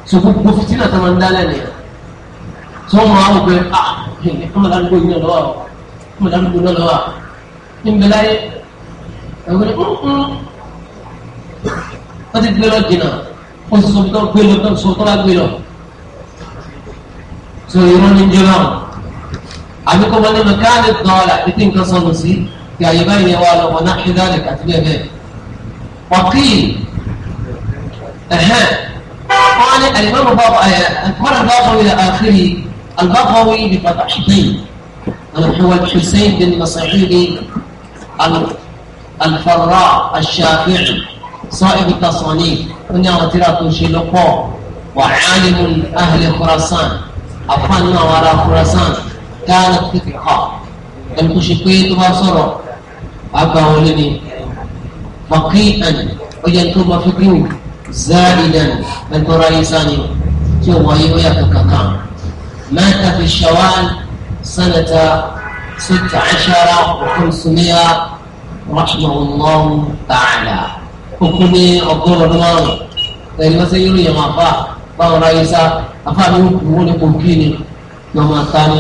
B: so gbogbo fìtínà tó máa ń dálẹ̀ nìyà tó máa ń gbé ah ẹ̀yìn ọmọ ládùúgbò yìí náà lọ́wọ́ ọmọ ládùúgbò náà lọ́wọ́ ń bẹ láyé ẹ̀wọ́n ni mm, mm. wọ́n ti gbé lọ jìnnà wọ́n ti sọ fún tó gbé lọ tó sọ tó bá gbé lọ. so irun ní jẹ́ báwọn àbí kọ́ mọ́ ní mẹkáàlì dọ́ọ̀là títí nǹkan sọnù sí kí àyè báyìí yẹn wà lọ́wọ́ náà ṣe dáàlì kàtí bẹ́ẹ̀ bẹ́ẹ̀ wàkìlì ẹ̀hẹ́n wọ́n ní alimami bàbá ẹ̀ kọ́nà bàbáwí ní àkìlì albàbáwí ní bàbá ṣùgbọ́n alhuwa hussein bin masaidi alfarra ashafi'i صائب التصانيف ونعم ترى كل شيء لقوه وعالم أهل خراسان àfáàn náà wà ra Khurasan dáná pípẹ́ họ ẹni tó ṣe pé tó bá sọ̀rọ̀ àgbà wọlé ni mọ̀kí ẹni ó yẹ tó bá fi kíwù záàdìdàn ẹni tó ráyé sáni tí ó wáyé ó yàtọ̀ kankan mẹ́ta fi ṣàwán sánata sítà ẹ̀ṣára òkun sùnìyà rahmanullah ta'ala òkun ní ọgọ́rùn márùn-ún ẹni wọ́n sẹ́yìn ló yẹ máa bá báwo la yẹ sá afáàní òkú ní kò ni ní ọmọ ata ni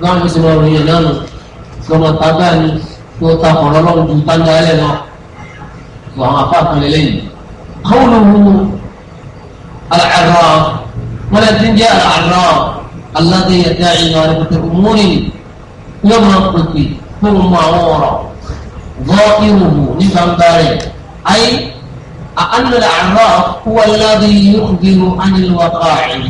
B: gbọ́dọ̀ sì máa ròyìn náà nù ní ọmọ ata gbáà ni kí ó ta ọ̀rọ̀ lọ́wọ́ ju táńdá ẹlẹ́ lọ tó àwọn afá kan lè lẹ́yìn. àwọn olùwò alàdọ́ wọn lè ti ń jẹ́ alàdọ́ aládé yẹtẹ́ ìyá rẹ̀ pẹ̀tẹ́ múrin yóò máa fún mu àwọn ọ̀rọ̀ gbọ́ ìrùbù ní gbangba ayé. أقل الأعراف هو الذي يخبر عن الوقائع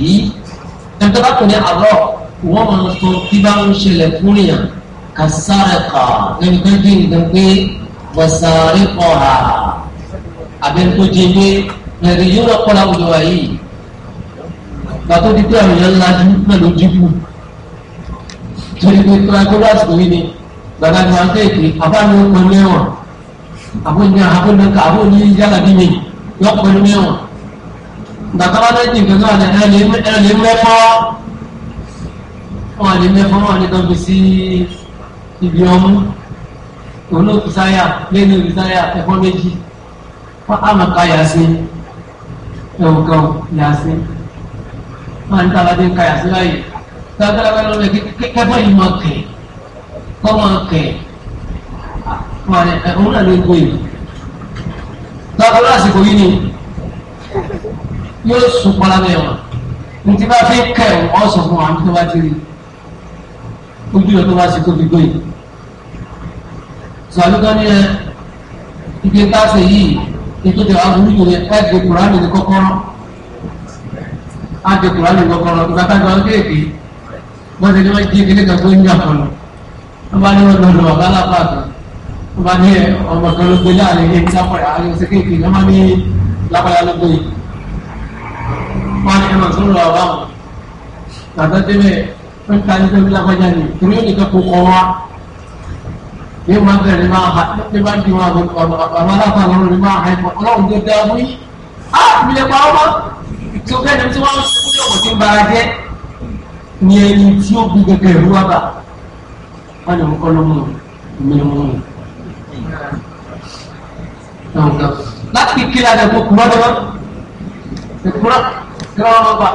B: تنتبهوا لأعراف وهو من تنتبه شلفونيا كالسرقة نمتجين دمكي وسارقها أبين كجيبي يريون قول أولوائي gbàtó di pé àwọn èèyàn ńlá ju pẹ̀lú jíjù torí pé kíláàsì lásìkò yìí abun ya abun nan ka abun yi yala ni mi yo ko ni yo da ka na ni ga na na le me le me fo o le me fo o le don bi si ibi ọmú ono bisaya lẹnu bisaya ẹfọ méjì wọn á máa ka yàsí ẹwù kan yàsí máa ń tàbá dé ka yàsí láyè gbàgbọ́dọ̀ bá lọ́wọ́ kẹfọ́ yìí máa kẹ̀ kọ́ máa máa ní ẹ̀hún eh, náà ló ń gbóyè lọ́kọ́ lásìkò yìí ni yóò sùn pọ́lámẹ́ wọn ní tí bá fi kẹ́ ẹ̀ wọ́n sọ fún wa tó bá ti rí ojú rẹ̀ tó bá ti tóbi gbóyè sọ̀rọ̀ ní ẹ eh, ibi táṣe yìí ètò ìdè wa burú yìí ẹ gbé kùránì ní kọ́kọ́rọ́ á gbé kùránì ní kọ́kọ́rọ́ ìgbà táwọn ọmọ kéèké wọ́n ti ní wọ́n jí kíní kan tó ń jà kan lọ wọ́n bá ní wọ́n lọ lọ bá lápá àgbà bá ní ọmọ kan ló gbé láàrin ní lápẹ̀rẹ̀ àárín ọ̀sẹ̀ kéèké ló máa ní lápẹ̀rẹ̀ alógbé yìí wọ́n ní ẹ̀rọ tó ń lọ ọ̀rọ̀ àwọn tàbí débẹ̀ fún ta ní tóbi lápẹ̀já ni torí ó nìkan kó kọ́ wa ní wọ́n bẹ̀rẹ̀ ní máa ha ní bá di wọn àwọn aláfa lọ́rùn ní máa ha ẹ̀kọ́ ọlọ́run tó dáa fún yín á mi lè pa ọmọ tó bẹ́ẹ̀ ni tí wọ́n ń kúrò tí ń bara jẹ́ ni ẹni tí ó bí gẹ́gẹ́ ìlú wa bá wọn ni láti kíra ní kó kúrọ́ dọ́rọ́ ìkúrọ́ kíra wọn bá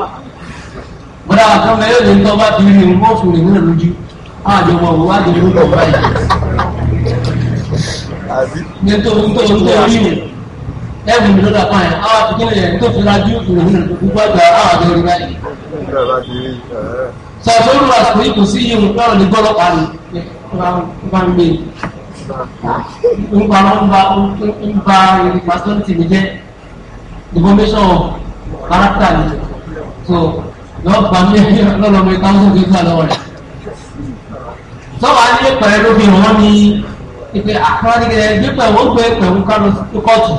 B: bọ́dá wa kan mẹ́rin lè tọ́ bá ti rí ní wọ́n fún ìwé lójú àjọ wọn wọ́n wájú ní ọkọ̀ báyìí. nítorí nítorí nítorí yìí ẹ̀rù mi ló dà pa yẹn àwọn àti kíni yẹn tó fi lajú ìwé gbogbo àgbà àwọn àti orí báyìí.
A: sọ̀tún olùwàsí
B: kò sí yìí nǹkan ní gbọ́dọ̀ pa ni ń pa ń ba ń ba personality mi jẹ́ information of character mi so lọ bá mi lọ́lọ́ mi thousand fifty lọ́wọ́ rẹ̀ sọ́wọ́ adé pẹ̀lú bí wọ́n ní ìpè àkọ́nìkẹ́ dípẹ̀ wọ́n gbé pẹ̀lú kọ́ọ̀tù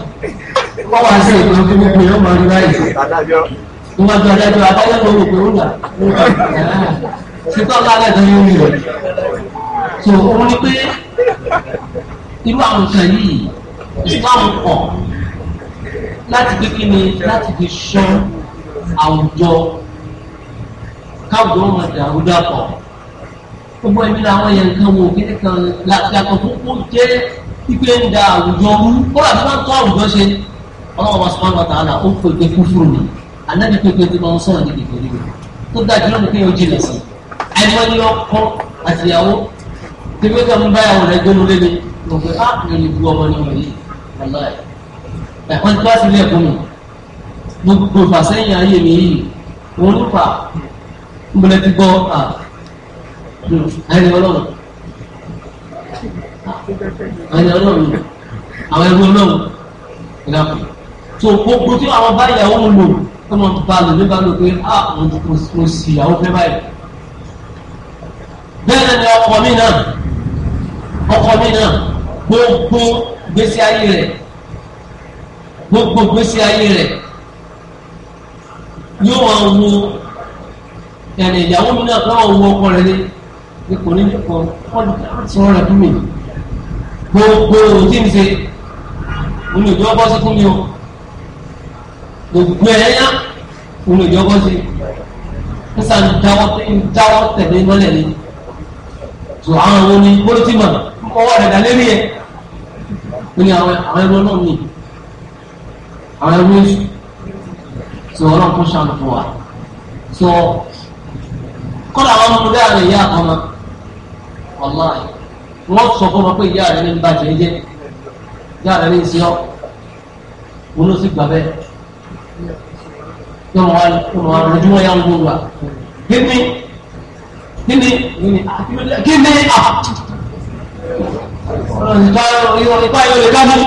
B: wọ́n wá sí ìpè òfin gbogbo yóò máa rí báyìí wọ́n máa jọ adájọ́ adájọ́ ló rò pé ó là ṣùgbọ́n lára ìdájọ́ yóò rí rẹ̀ so òun ni pé irú àwọn nǹkan yìí islam kọ̀ láti gbé kí ni láti fi ṣọ́ àwùjọ káwùjọ wọn dàrú dàpọ̀ gbogbo ẹbí làwọn yẹn nǹkan wò kíni kan yàtọ̀ fún kó jẹ́ pípé ń da àwùjọ rú kó làbí wọn tọ́ àwùjọ ṣe ọlọ́wọ́ bá sọ́kàn bàtà àlà ó pèpè fúfurù ni ànábi pèpè tí wọ́n sọ̀rọ̀ ní ìgbèrè rẹ̀ tó dájú lónìí pé ó jìnà sí àìmọ́ ní ọkọ àtìyàwó pèpè kan báyàwó rẹ̀ gbónú lélẹ̀ tó pé á ní olè bu ọmọ ní ìwé ọ̀la ẹ̀ ẹ̀ wọ́n ti bá sílé ẹ̀kọ́ mi gbogbo ìfàsẹ́yìn ayé mi yìí òun ló fà mbọlẹ́ ti gbọ́ ah, à ẹni ọlọ́run ẹni ọlọ́run àwọn ẹgbẹ́ ọlọ́run ìdàpọ̀ tó gbogbo tí àwọn bá ìyàwó ń lò tó mọ̀ bá lò ló bá pé á ah, mo sì ìyàwó fẹ́ báyìí bẹ́ẹ̀ ni ọkọ mi náà ọkọ mi náà gbogbo gbèsè ayé rẹ̀ gbogbo gbèsè ayé rẹ̀ yóò máa wo ẹnì ìyàwó mi náà káwọn wo ọkọ rẹ̀ ní ipò nínú ipò ọ̀sán rẹ̀ fún mi gbogbo tí n ṣe òun ò jọ bọ́ sí fún mi o gbogbo ẹ̀yà òun ò jọ bọ́ sí nísà ń dáwọ́ tẹ̀lé mọ́lẹ̀ ni tò àwọn òun ni pólítímà kọ́wọ́ rẹ̀ dá lérí ẹ̀ ní àwọn ẹrú ọlọ́run ni àwọn ẹrú èṣù tí ọlọ́run tó ṣàánú fún wa tí ọ kọ́dà àwọn ọmọdé àrùn ìyá ọmọ ọ̀la wọ́n sọ fún wọn pé ìyá rẹ̀ ní ń bàjẹ́ jẹ́ ìyá rẹ̀ ní ń ṣe ọ́ wọn ló sì gbà bẹ́ẹ̀ yọ mọ àwọn ojúmọ́ ya ń gbó wa gíní gíní gíní gíní ìpa yóò lè ká ní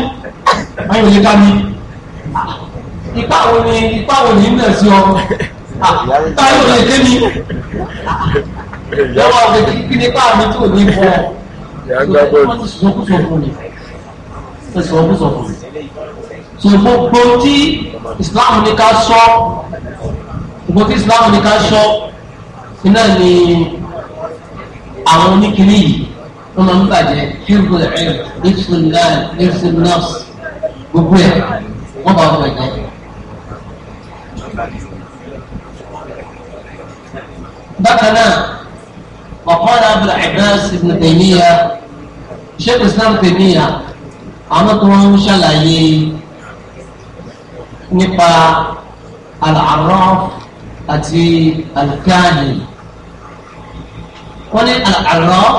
B: wọ́n yóò
A: ipa wo ni ipa wo ni nílẹ̀ sí ọ
B: ta yóò lè ké ní lọ́wọ́ ọ̀gbẹ́ kí nípa mi tó ní bọ́ wọ́n ti sọ kúsọ̀ fún so gbogbo tí Islam ní ká sọ gbogbo tí Islam ní ká sọ iná ni àwọn oníkiri yìí wọ́n máa ń bàjẹ́ ṣẹ́gun ẹ̀rọ nífun náà nífun nọ́ọ̀sì gbogbo ẹ̀ wọ́n bá wọ́n bàjẹ́. bákan náà
A: وقال أبو العباس ابن تيمية
B: شيخ الإسلام تيمية àwọn tó wọ́n ń ṣàlàyé nípa al-Arraf àti al-Kahil wọ́n ní al-Arraf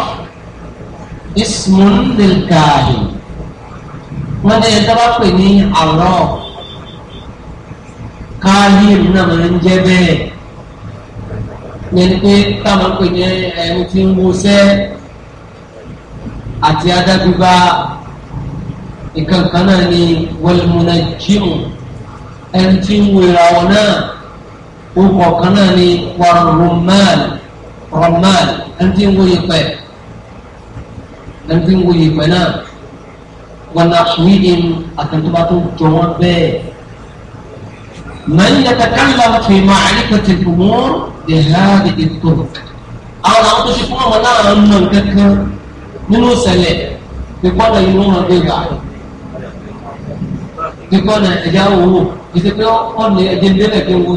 B: ismun lil kahin wọn ní ẹjọ́ bá pè ní àlọ́ kahin náà máa ń jẹ́ bẹ́ẹ̀ yẹn ni pé táwọn pè ní ẹni tí ń wọṣẹ́ àti adágbígbá ìkankan náà ni wẹlmúnà jíìmù ẹni tí ń wo ìràwọ̀ náà orúkọ kan náà ni wàrùmán rọmán ẹni tí ń wo ìpẹ́ lẹ́nu tí ń Mana ìpẹ́ náà wọn náà sùn yìí ni àtẹ̀tọ́ba tó jọ wọn bẹ́ẹ̀. من يتكلم في معرفة الأمور بهذه الطرق àwọn àwọn tó ṣe fún ọmọ náà ń mọ kankan nínú ìṣẹ̀lẹ̀ kíkọ́nà inú wọn bí gbà kíkọ́nà ẹ̀já owó ìṣe pé ọ̀nà ẹ̀jẹ̀ ìbílẹ̀ kí n wo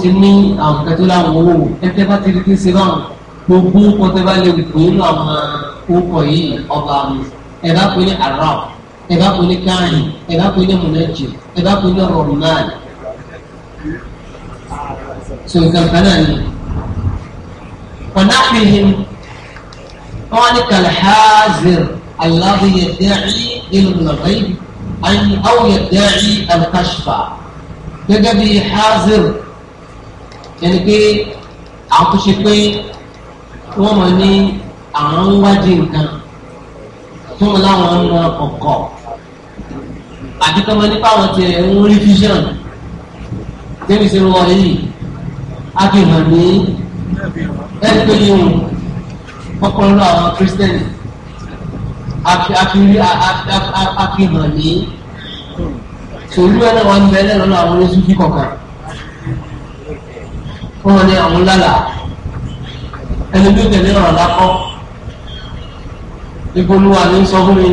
B: ti ń ṣẹlẹ̀ gbogbo nǹkan tó bá lè wù nínú àwọn orúkọ yìí ọba mi ẹ̀dá kò ní arab ẹ̀dá kò ní káyìn ẹ̀dá kò ní mùnẹ́jì ẹ̀dá kò ní rọ̀mùnáì so nǹkan kan náà ni ọ̀nà àfihàn wọn ní aláwọ̀ yẹ dẹ́rì ìlúmọ̀lẹ́yì àyìn àwọn yẹ dẹ́rì alkashfa gẹ́gẹ́ bí hazir yẹn ni pé àwọn pé wọ́n mọ̀ ní àwọn ń wádìí nǹkan fún wọn láwọn ń ran ọ̀kọ̀ àbí kọ́ mọ́ nípa àwọn tiẹ̀ ń rí fíṣàn débi ṣe ń wọ yìí ábìhàn ní ẹgbẹ́ yìí kọ́kọ́rọ́ àwọn kírísítẹ́nì àfihàn ní sòlú ẹ̀ náà wà ń bẹ lẹ́nu àwọn oníṣúfì kọ̀ọ̀kan wọ́n ní àwọn lálàá ẹni bí ó tẹ̀lé ọ̀rọ̀ lákọ́ ipò olúwa ní sọ fún mi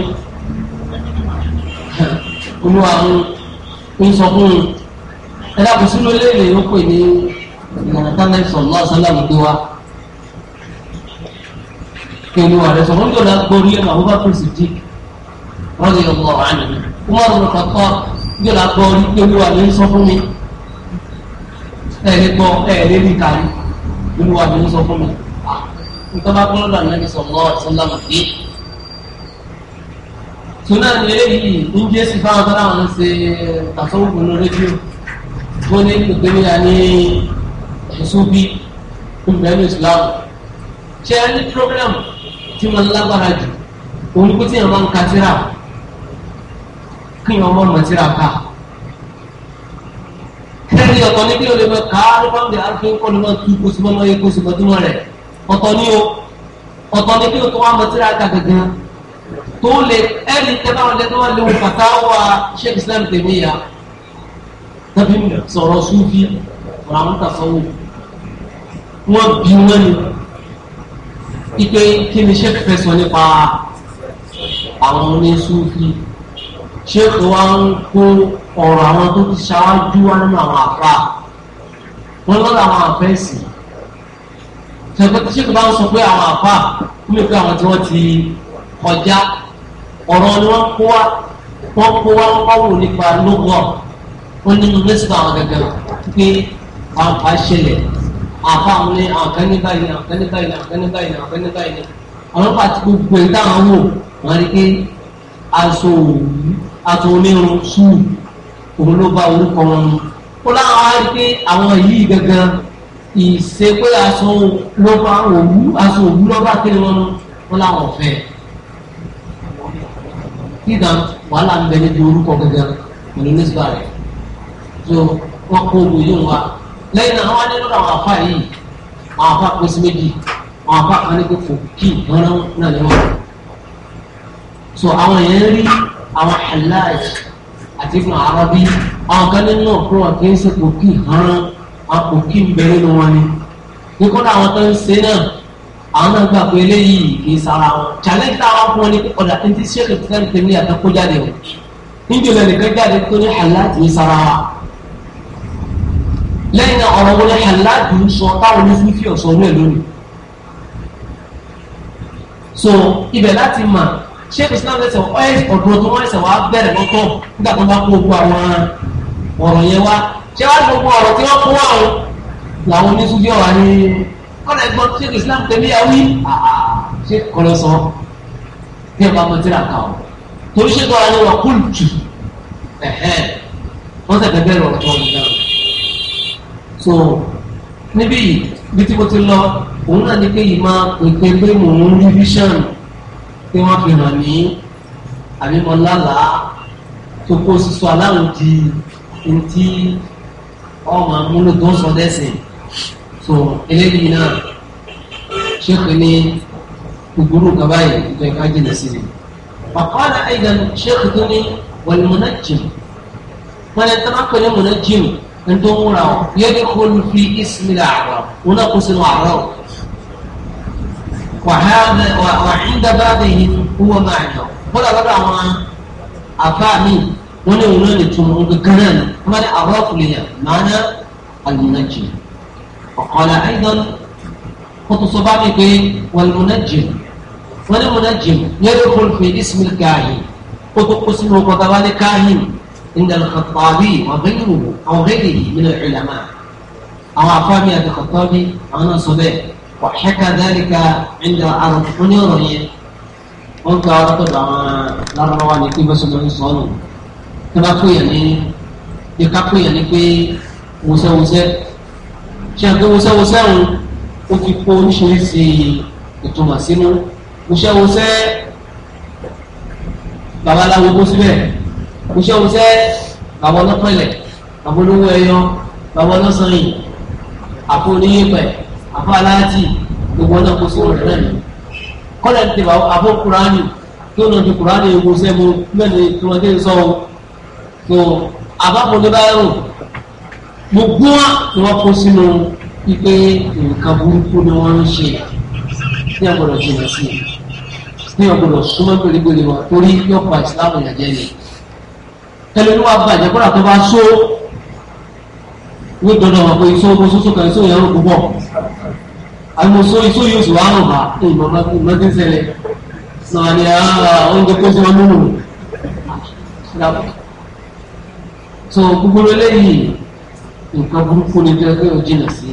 B: olúwa ń sọ fún mi ẹ dàpọ̀ sínú léèrè ó pè ní ìlànà tánẹ́tì sọ̀rọ̀ náà sálà ló gbé wa pẹ̀lú ààrẹ sọ̀rọ̀ ní ọ̀la gbórí ẹ̀ màbú bá pèsè dí rọ́ọ̀dì ọ̀gbọ̀n àná wọ́n rọ̀ kàkọ́ ní ọ̀la gbórí pẹ̀lú ààrẹ ń sọ fún mi ẹ̀ẹ́dẹ́gbọ́n ẹ̀ẹ́dẹ́gbọ́n kàrí pẹ̀lú ààrẹ ń sọ fún mi nǹkan bá gbọ́n lọ́dọ̀ ànábi sọ̀rọ̀ ọ̀sánlá màdé. tùnà ní eléyìí ń jẹ́ sí fáwọn tó láwọn ń ṣe àsọ́wọ́gbò ní rédíò tó ní ìpínlẹ̀ ní ìṣúbí ìbẹ̀rù ìsìláàmù. ṣé ẹ ní program tí wọ́n lágbára jù òun ni kó tí yẹn máa ń ka síra kí yẹn ọmọ mọ̀ síra ká ẹni ọ̀tọ̀ ní kí ló lè mọ̀ ká ló bá ń bẹ àrùn kó ló máa tú kó sì máa yẹ kó sì máa rẹ̀ ọ̀tọ̀ ni o ọ̀tọ̀ ni kí o tó wá mọ tíra ká gẹ́gẹ́ tó lè ẹni tẹ báwọn lẹ́nu wọn lè wò fàtà wà sheikh islam tèmi yá tàbí sọ̀rọ̀ sufi ọ̀rọ̀ àwọn tasawuf wọ́n bí wọ́n ni ipe kí ni sheikh fẹ́ sọ nípa àwọn oníṣúfi sheikh wa ń kó ọ̀rọ̀ àwọn tó ti ṣáájú wá nínú àwọn àfa wọ́n lọ́dọ̀ àwọn àfẹ́sì sẹ́kọ̀ tí sẹ́kọ̀ bá ń sọ pé àwọn àfa kú lè pé àwọn tí wọ́n ti kọjá ọ̀rọ̀ ni wọ́n kó wá wọ́n kó wá wọ́n wò nípa lóògùn ọ̀ wọ́n nínú mẹ́sìkò àwọn gẹ́gẹ́ pé àwọn kan ṣẹlẹ̀ àfa àwọn ní àwọn kan ní báyìí àwọn kan ní báyìí àwọn kan ní báyìí gbogbo ẹ̀ táwọn wò wọ́n rí pé aṣọ onírun sùn òun ló bá orúkọ wọn mu. ó láwọn á rí pé àwọn yìí gangan ìṣe pé aṣọ ló bá òwú aṣọ òwú ló bá kéré wọn wọn làwọn fẹ́ nígbà wàhálà ń bẹ níbi orúkọ gẹ́gẹ́ pẹ̀lú nísìbà rẹ tó wọn kó owó yóò wá lẹ́yìn náà wọn á ní lọ́dọ̀ àwọn afá yìí àwọn afá pín méjì àwọn afá kan ní kó kí wọn náà ní wọn so àwọn yẹn rí àwọn aláàjì àti fún arábí àwọn kan nínú ọ̀pọ̀ kì í kò kí hàn án wọn kò kí n bẹ nínú wọn ni ní kódà àwọn tó ń ṣe náà àwọn náà gbà pé eléyìí kì í sara wọn challenge tá a wá fún wọn ni pé ọ̀dà tí n ti ṣe kìtìkà ní tèmi àti kó jáde o níjọba nìkan jáde tó ní halal kì í sara wa lẹ́yìn náà ọ̀rọ̀ wọlé halal kì í sọ táwọn onífífi ọ̀sọ̀ ọ̀rọ̀ ẹ̀ lónìí so ibẹ̀ láti mà sheikh islam lẹsẹ ọdún tó wọn ẹsẹ wàá bẹ̀rẹ̀ lọ́tọ̀ nígbà tó bá kó gbogbo àwọn ọ̀rọ̀ yẹn wá ṣé wàá gbogbo ọ̀rọ̀ tí wọ́n kó wà wọn làwọn oníṣúbí ọ̀wá ní kọ́lá ẹgbọ́n ṣé Islam tẹ̀lé ẹ wí ṣé kọ́lọ́ sọ bí ẹ bá mọ tíra kà ọ́ torí ṣé kọ́lá ni wọ́n kú jù wọ́n sẹ̀ fẹ́ bẹ̀rẹ̀ ọ̀rọ̀ tó wọn dára so níbí yìí bí tí mo ti lọ òun náà ní pé yìí máa pèpè pé mò ń rí vision tí wọ́n fi hàn ní àbí mo lálàá tó kó sísọ aláwọ̀ di ntí ọmọ amúlò tó ń sọ dẹ́sìn so eléyìí náà ṣé pé ní gbogbo nǹkan báyìí ìjọ ìka jìnà sí ni. bàbáàlà àìdàn ṣé pé tó ní wàlúmọ̀nà jìm wọn lè tẹ́lá pẹ̀lú mọ̀nà jìm ń ń wúra ọ yóò dé kó lu fi ìsìnlẹ̀ àrà wọn náà kó sínú àrà ọ. wàhálà wàhálà ìdàbàbà yìí wọ́n máa yàn kó lọ́dọ̀ àwọn àfáà wọ́n ní òun náà lè tún un gẹ́gẹ́ náà ni wọ́n bá ní àwọn ọkùnrin mọ́nà alùmọ́nàjì ọ̀kọ́lá àìdán kó tó sọ bá mi pé wọ́n ní mọ́nàjì wọ́n ní mọ́nàjì yẹ́rọ fúnfẹ́ ismail káyìn kó tó kó sínú ọkọ̀ tàbá ní káyìn ìndà lọ́kọ̀tàbí ọ̀gẹ́yìnwó àwọn gẹ́gẹ́ ìmìlẹ̀ ìlànà àwọn afáàmì àti kọ̀tàbí àwọn náà sọ bẹ́ẹ̀ وحكى ذلك عند عرب ونيروني قلت أردت أن لا رواني tọ́ba péyàn ní yẹ ká péyàn ní pé wosẹ́wosẹ́ ṣe àgbẹ̀ wosẹ́wosẹ́ òun ó fi kó oríṣiríṣi ìtumọ̀ sínú wosẹ́wosẹ́ babaláwo kó síbẹ̀ wosẹ́wosẹ́ bàbá ọlọ́pẹ̀lẹ̀ bàbá olówó ẹyọ bàbá ọlọ́sàn-ín àpò oníyẹ̀pẹ̀ àpò aláàtì gbogbo ọ̀nà kó sóò rẹ̀ náà kọ́lẹ̀ ti bàbá àpò kùránì tó lọ́ọ́ di kùránì wosẹ́ mo mẹ́rin tí wọ́n dé sọ́ọ́ tó àbápọ̀ ní báyìí gbogbo wa ni wọ́n kó sínú pípé nǹkan burúkú ni wọ́n ń ṣe ní ọ̀gbọ̀dọ̀ jìnnà sí ní ọ̀gbọ̀dọ̀ súnmọ́ pèlégbèlé wọn torí yọ̀pọ̀ ìsìláàmù ìyàjẹ́ ni ẹni wọ́n bá ìjẹ́ kọ́ra tó bá só wọ́n dandan wọn pé iṣó ọmọ soso kan iṣó ìyàwó púpọ̀ àmọ́sọ iṣó yóò sì wá rùn bá ìmọ̀ mọ́tí ń ṣẹlẹ̀ sàn ni ah, oúnjẹ kó sí wọn nínú so gbogbo eléyìí nǹkan burúkú ni bí ọgbẹ́ òjìnà sí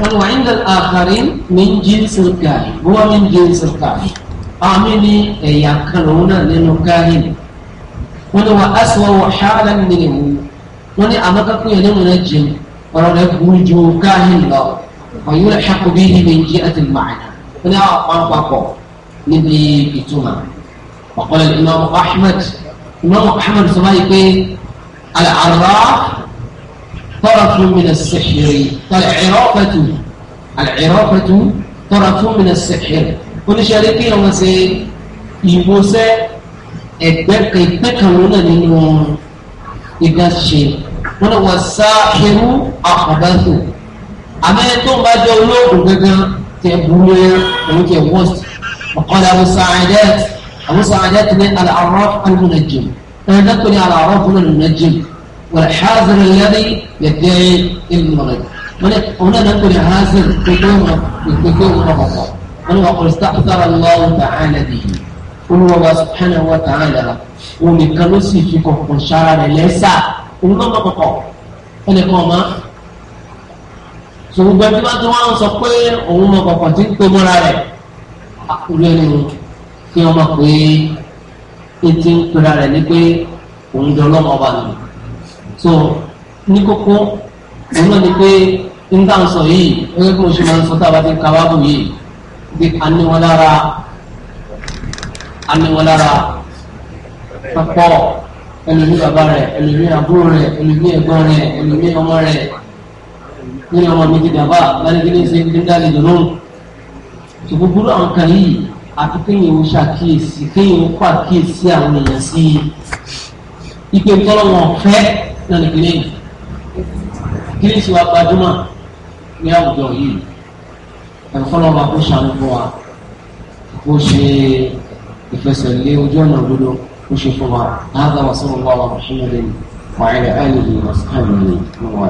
B: wọn wà ní àkàrí méjì sọ̀kàì wọ́n méjì sọ̀kàì àmì ní ẹ̀yà kan lòun náà nínú káyì wọn wà aṣọ wọ ṣáàlà nínú ìwú wọn ní àmọ́kákú yẹn nínú rẹ̀ jẹun ọ̀rọ̀ rẹ̀ burú ju káyì lọ wọn yóò ṣàkó bí ní méjì àti màánà wọn ní àwọn àpapọ̀ níbi ìtumọ̀ ọ̀pọ̀lọpọ̀ Imam Ahmad Imam Ahmad sọ báyìí pé العراق طرف من السحر العراقة العراقة طرف من السحر oníṣẹ́ríkì wọn ṣe ìwòsẹ́ ẹ̀gbẹ́kẹ̀gbẹ́ kan lónà nínú ìgbàṣe wọn ni wọ́n sá irú àkàbàtò àmẹ́yẹ tó ń bá jẹ́ olóògùn gangan tẹ burú òun tẹ wọ́st ọ̀kọ́lẹ̀ àwòsàn àdẹ́t àwòsàn àdẹ́t ní àlàáfà àlùmọ̀nà jẹun. فيدخل على رجل النجم والحازر الذي يدعي علم الغيب هنا نقول حازر كثير كثير رفضه قل وقل استحضر الله تعالى به قل هو سبحانه وتعالى ومن كنسي في كفر شعر ليس وما ما بقى فلقوا ما sùgbọ́n بدي wọ́n ti wá ń sọ pé òun mọ̀ kọ̀ọ̀kan ti ń etí ń pera rẹ̀ ní pé òun jọ lọ́mọ ọba nù so ní kókó òun náà ni pé ń tà ń sọ yìí gẹ́gẹ́ bí mo ṣe máa ń sọ tá a bá ti ka wábù yìí bí aníwọlára aníwọlára pẹ́pọ́ ẹlòmí bàbá rẹ̀ ẹlòmí àbúrò rẹ̀ ẹlòmí ẹ̀gbọ́n rẹ̀ ẹlòmí ọmọ rẹ̀ nínú ọmọ mi ti dàbà lálẹ́ kí ní ṣe ń dálé dùnú ṣùgbọ́n burú àwọn kan yìí àti kéèyàn ń ṣàkíyèsí kéèyàn ń pàkíyèsí àwọn èèyàn sí i ìpè tọ́lọ́wọ́ fẹ́ náà ní kílẹ̀ yìí kílẹ̀ sì wá gbajúmọ̀ ní àwùjọ yìí ẹ̀fọ́nà wa kó ṣàánú fún wa kó ṣe ìfẹsẹ̀lé ojú ọ̀nà òdodo kó ṣe fún wa láàbà wa sọ̀rọ̀ wa wà fún mi lẹ́yìn wà á yẹ yìí wà sí àyè yìí ní wà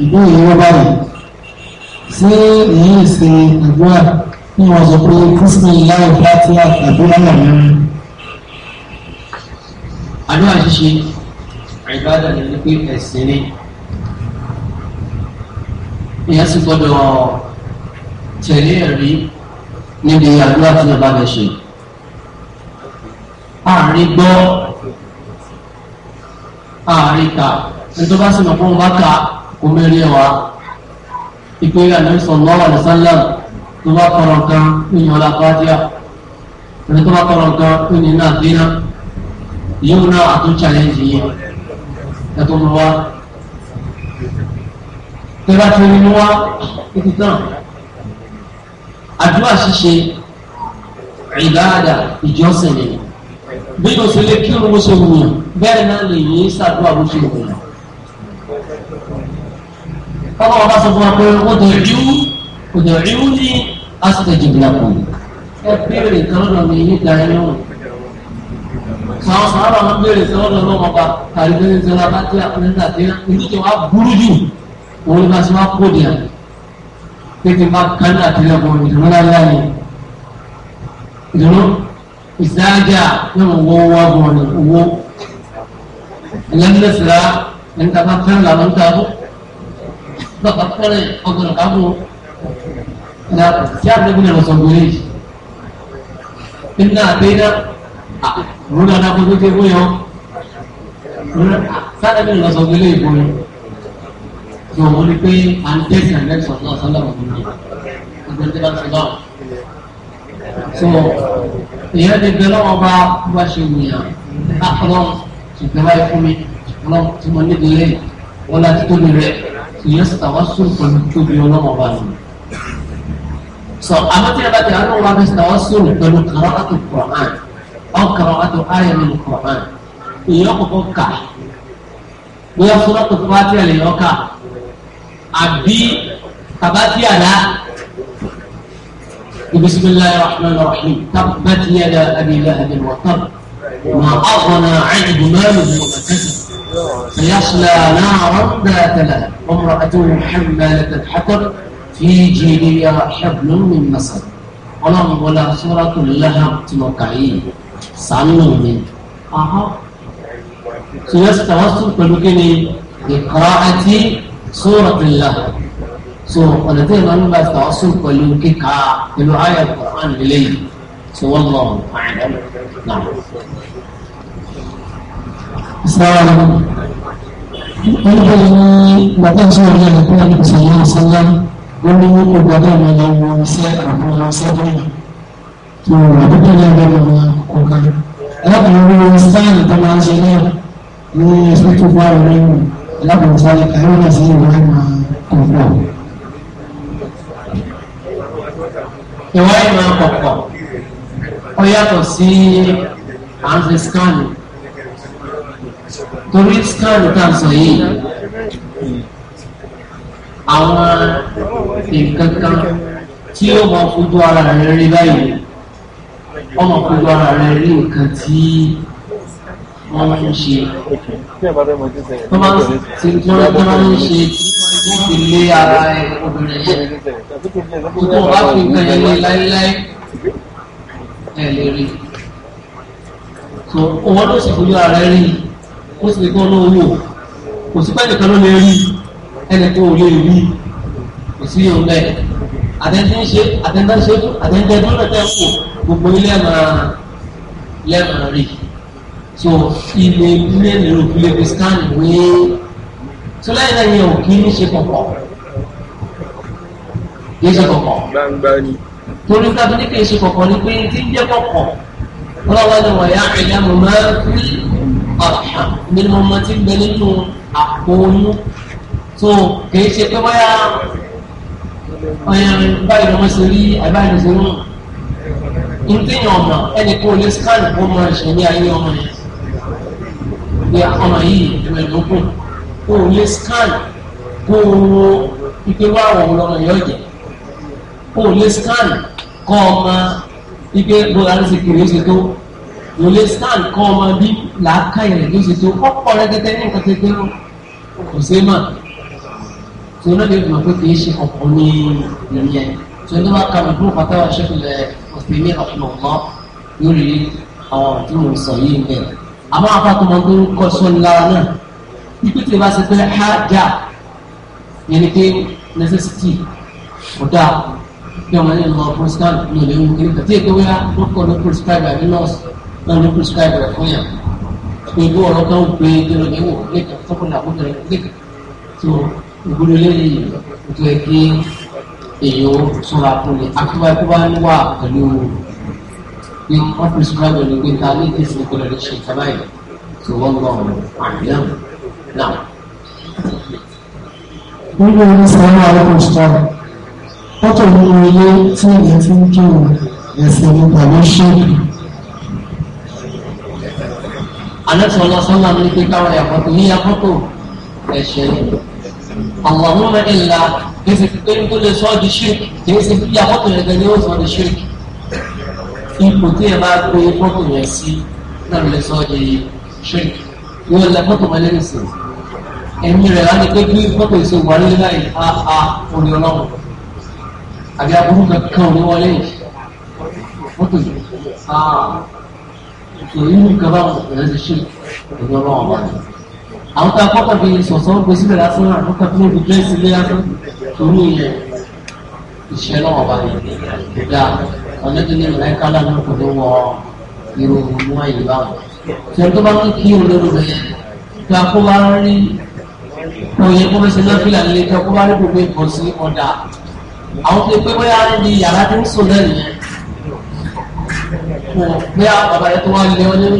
B: ìbéèrè yóò báyìí tí èyí ṣe àdúrà ní wọn sọ pé kristian láì pàtí àdúrà náà mú. àdúrà ṣíṣe àìbádà ni pé ẹ̀sìn ni ìyẹn sì gbọ́dọ̀ tẹ̀lé ẹ̀rí níbi àdúrà tí wọn bá fẹ́ ṣe. àárín gbọ́ àárín ta ẹni tó bá sì mọ̀ fún wọn bá ta kò mẹ́rin ẹ̀ wá ìpínlẹ̀ àdúgbò sọ̀lọ́ àdìsálà tó bá kọ̀rọ̀ kan nínú ọlápàdíà ẹni tó bá kọ̀rọ̀ kan nínú iná àdínà yóò náà àtún challenge yìí ẹ̀tọ́ mú wa tó bá ti mú wa títí tán àdúrà ṣíṣe ìdáadà ìjọsìn nìyẹn bí mo ṣe lè kírun mo ṣe wù yàn bẹ́ẹ̀ náà lè yí sàdúrà bó ṣe wù yàn ọlọ́wọ́ bá sọ fún wa pé ó dẹ̀ ríú kò dẹ̀ ríú ní asitẹ̀jì ìlàkù ẹ béèrè kan lọ́dọ̀ mi níta ẹ̀ náà sàwọn sàwọn àwọn béèrè sọ lọ́dọ̀ náà wọn bá àrídé ní sọlá bá tẹ àpẹẹrẹ àti ìlú tó wá burú jù òun bá sọ wá kó dì pété bá kánú àtìlẹ́kùn ìdùnnú láyé ìdùnnú ìsáájà yóò wọ wá bọ̀ ní owó ẹlẹ́mẹ́sìlá ẹni tàbá fẹ́ làwọn ń ta bàbá fẹ́rẹ̀ ọgbọ̀nà káàbọ̀ ní àpò tí àdébùn ẹ̀rọ sọ gbèrè yìí nínú àbẹ́dá rúdà náà kó tó ké fún yọ sádẹ́bùn ẹ̀rọ sọ gbèrè yìí fún yọ tí òun ní pé à ń tẹ̀sí àlẹ́sọ̀ náà sọ́dọ̀ ọ̀gbọ̀n so ìyẹn ti bẹ lọ́wọ́ bá bá ṣe wùyàn lápọ̀lọ́ ṣùgbọ́n báyìí fún mi ṣùgbọ́n tí mo ní ìdílé wọn ìyẹn sì tàwọn sùn pẹ̀lú tóbi ọlọ́wọ́ bá lọ. sọ àmọ́tí ẹ̀bá tí àwọn ọlọ́wọ́ bá sì tàwọn sùn pẹ̀lú kàrọ́ọ̀tù kùrọ̀mán ọ̀ kàrọ́ọ̀tù ayé nínú kùrọ̀mán ìyẹn kọ̀kọ́ Abi, bóyá fúlọ́tò fúlátì ẹ̀ lè yọ ká àbí tàbátì àlá بسم الله الرحمن الرحيم تبت يصلى نارا ذات لهب وامرأته حمالة الحطب في جيدها حبل من مسد ọlọ́run wọlé asúrátù lẹ́hàn tí mo kà yìí sànù mi. sùwẹ́sì tàwásù pẹ̀lú kí ni ìkọ́ra àti sùrátù lẹ́hàn. so ọ̀nà tí ìmọ̀ nígbà tàwásù pẹ̀lú kíkà pẹ̀lú ayọ̀ kọ̀ọ̀án lélẹ́yìn. so wọ́n lọ àìdá náà
A: sáwọn wọn bẹ ní bàbá tí wọn yẹn lẹkọọ ní kùsàlẹ ọsàlẹ wọn ní wọn kò gbọ́dọ̀ wọn yẹn wọn sí àwọn ọsẹ bẹ́ẹ̀ tó wọn àdúgbò yẹn bẹ wọn kọ kan alákùnrin wọn sáàlì tó máa ń ṣe náà ní ẹsùn tó fún àwọn ẹ̀yìn alákùnrin sáàlì káyọ̀ náà sí ìwà ìmọ̀ kọ̀ọ̀kan. ìwà ìmọ̀ kọ̀ọ̀kan
B: ó yàtọ̀ sí àǹfẹ̀sìkánì torí scan tá a sọ yìí àwọn nǹkan kan tí ó máa fojú ara rẹ rí báyìí ó máa fojú ara rẹ rí nǹkan tí
A: wọ́n máa ń ṣe tó máa ń ṣe tó máa ń ṣe tó fi lé ara obìnrin yẹn kó tó bá fi nǹkan yẹn lé láéláé
B: ẹ lè rí so owó ló sì fojú ara rí i ó sì nìkan ló wò kò sí pé nìkan ló lè rí ẹnìkan ò lè rí kò sí yóò bẹ́ẹ̀ àtẹ̀ntẹ̀ ń ṣe àtẹ̀ntẹ̀ ń ṣe àtẹ̀ntẹ̀ tó lọ tẹ̀ kù gbogbo ilé máa lẹ́màá rí so ilé ilé nìrò ilé fi scan wé so lẹ́yìn náà yẹn ò kí ń ṣe pọ̀pọ̀ kì í ṣe pọ̀pọ̀ gbangba ni torí ká tó ní kì í ṣe pọ̀pọ̀ ni pé tí ń jẹ́ pọ̀pọ̀ ọlọ́wọ́ ni wọ̀nyá ìyá mo máa ń fi ọ̀rọ̀ ìgbẹ́ ni mo mọ ti ń bẹ nínú àpò oyún tó kì í ṣe pé bóyá ọyàn báyìí lọ́mọ ṣe rí àbáyé ṣe rún ìtẹ̀yìn ọmọ ẹni kó lè scan kó mọ ìṣẹ̀lẹ̀ ayé ọmọ yẹn bí ọmọ yìí ìwé lókun kó lè scan kó wo ike wá àwọn ọmọ yẹn ọ̀jẹ̀ kó lè scan kọ́ ọmọ ike bó la ń ṣe kiri tó kò lè stand kọ́ ọmọ bí làákàyè rẹ̀ ló ṣe tó ọ̀pọ̀ rẹ́gẹ́dẹ́ ní nǹkan tẹ́tẹ́ lọ kò ṣe é mà tó náà lè mọ̀ pé kì í ṣe ọ̀pọ̀ ní ìyẹn tó ní wàá ka ìdúró pátá wa ṣe fìlẹ̀ òfin ní ọ̀pọ̀ ọ̀gbọ́n lórí àwọn tí mo sọ yìí ń bẹ̀. àmọ́ afákọ́mọ tó ń kọ́ sọ́ni lára náà ibi tí o bá ṣe pé ha já yẹn ni pé necessity kò dáa bí ọmọ yẹn lọ proscribe ní ìlú kékeré kàtí èkó wíyá ló kọ́ ló proscribe àbí nọ́ọ̀sì náà ní prescribe rẹ̀ fún yàn pé bí ọ̀rọ̀ kan gbé kéré ní wò lẹ́kàn tọ́kùnrin àbúkẹ́ rẹ̀ lẹ́kàn tó ìgbóni lẹ́yìn ètò ẹgbẹ́ èyí ó sọ̀rọ̀ àkúnni àkúbá ikú bá ń wà pẹ̀lú bí wọ́n prescribe rẹ̀ gbé ta ní anẹ́sọ̀lá sọ́lá ní pé káwọn ẹ̀kọ́ tó ní akọ́kọ́ ẹ̀ṣẹ̀ yìí àwọn ọmọ ìlà kì í ṣe pé ní tó lè sọ́ di ṣírìkì kì í ṣe bí akọ́kọ́ yẹn gan ni ó sọ di ṣírìkì ipò tí ẹ bá gbé fọ́tò yẹn sí náà lè sọ di ṣírìkì yóò lẹ fọ́tò wọn lẹ́nu sí ẹ̀mí rẹ̀ láti pé kí fọ́tò ìṣe wà lórí báyìí á á orí ọlọ́run tó nínú nǹkan báwọn ọ̀rẹ́ ti ṣe ìlú ọlọ́wọ́ wa ni. àwọn tá a kọ́kọ́ fi sọ̀sọ́ gbé sílẹ̀ lásán náà ló kàtó lóbi bẹ́ẹ̀ sílé ni kò dáa ọ̀nà tó ní mọ̀lẹ́ká lánàá kò tó wọ irú mú àyè báwọn. ṣé tó bá ń kí olóró rẹ̀ tó a kó bá rí òye kó fẹsẹ̀ náà fìlà nílé tó a kó bí a bàbá rẹ tó wá lé ọ nínú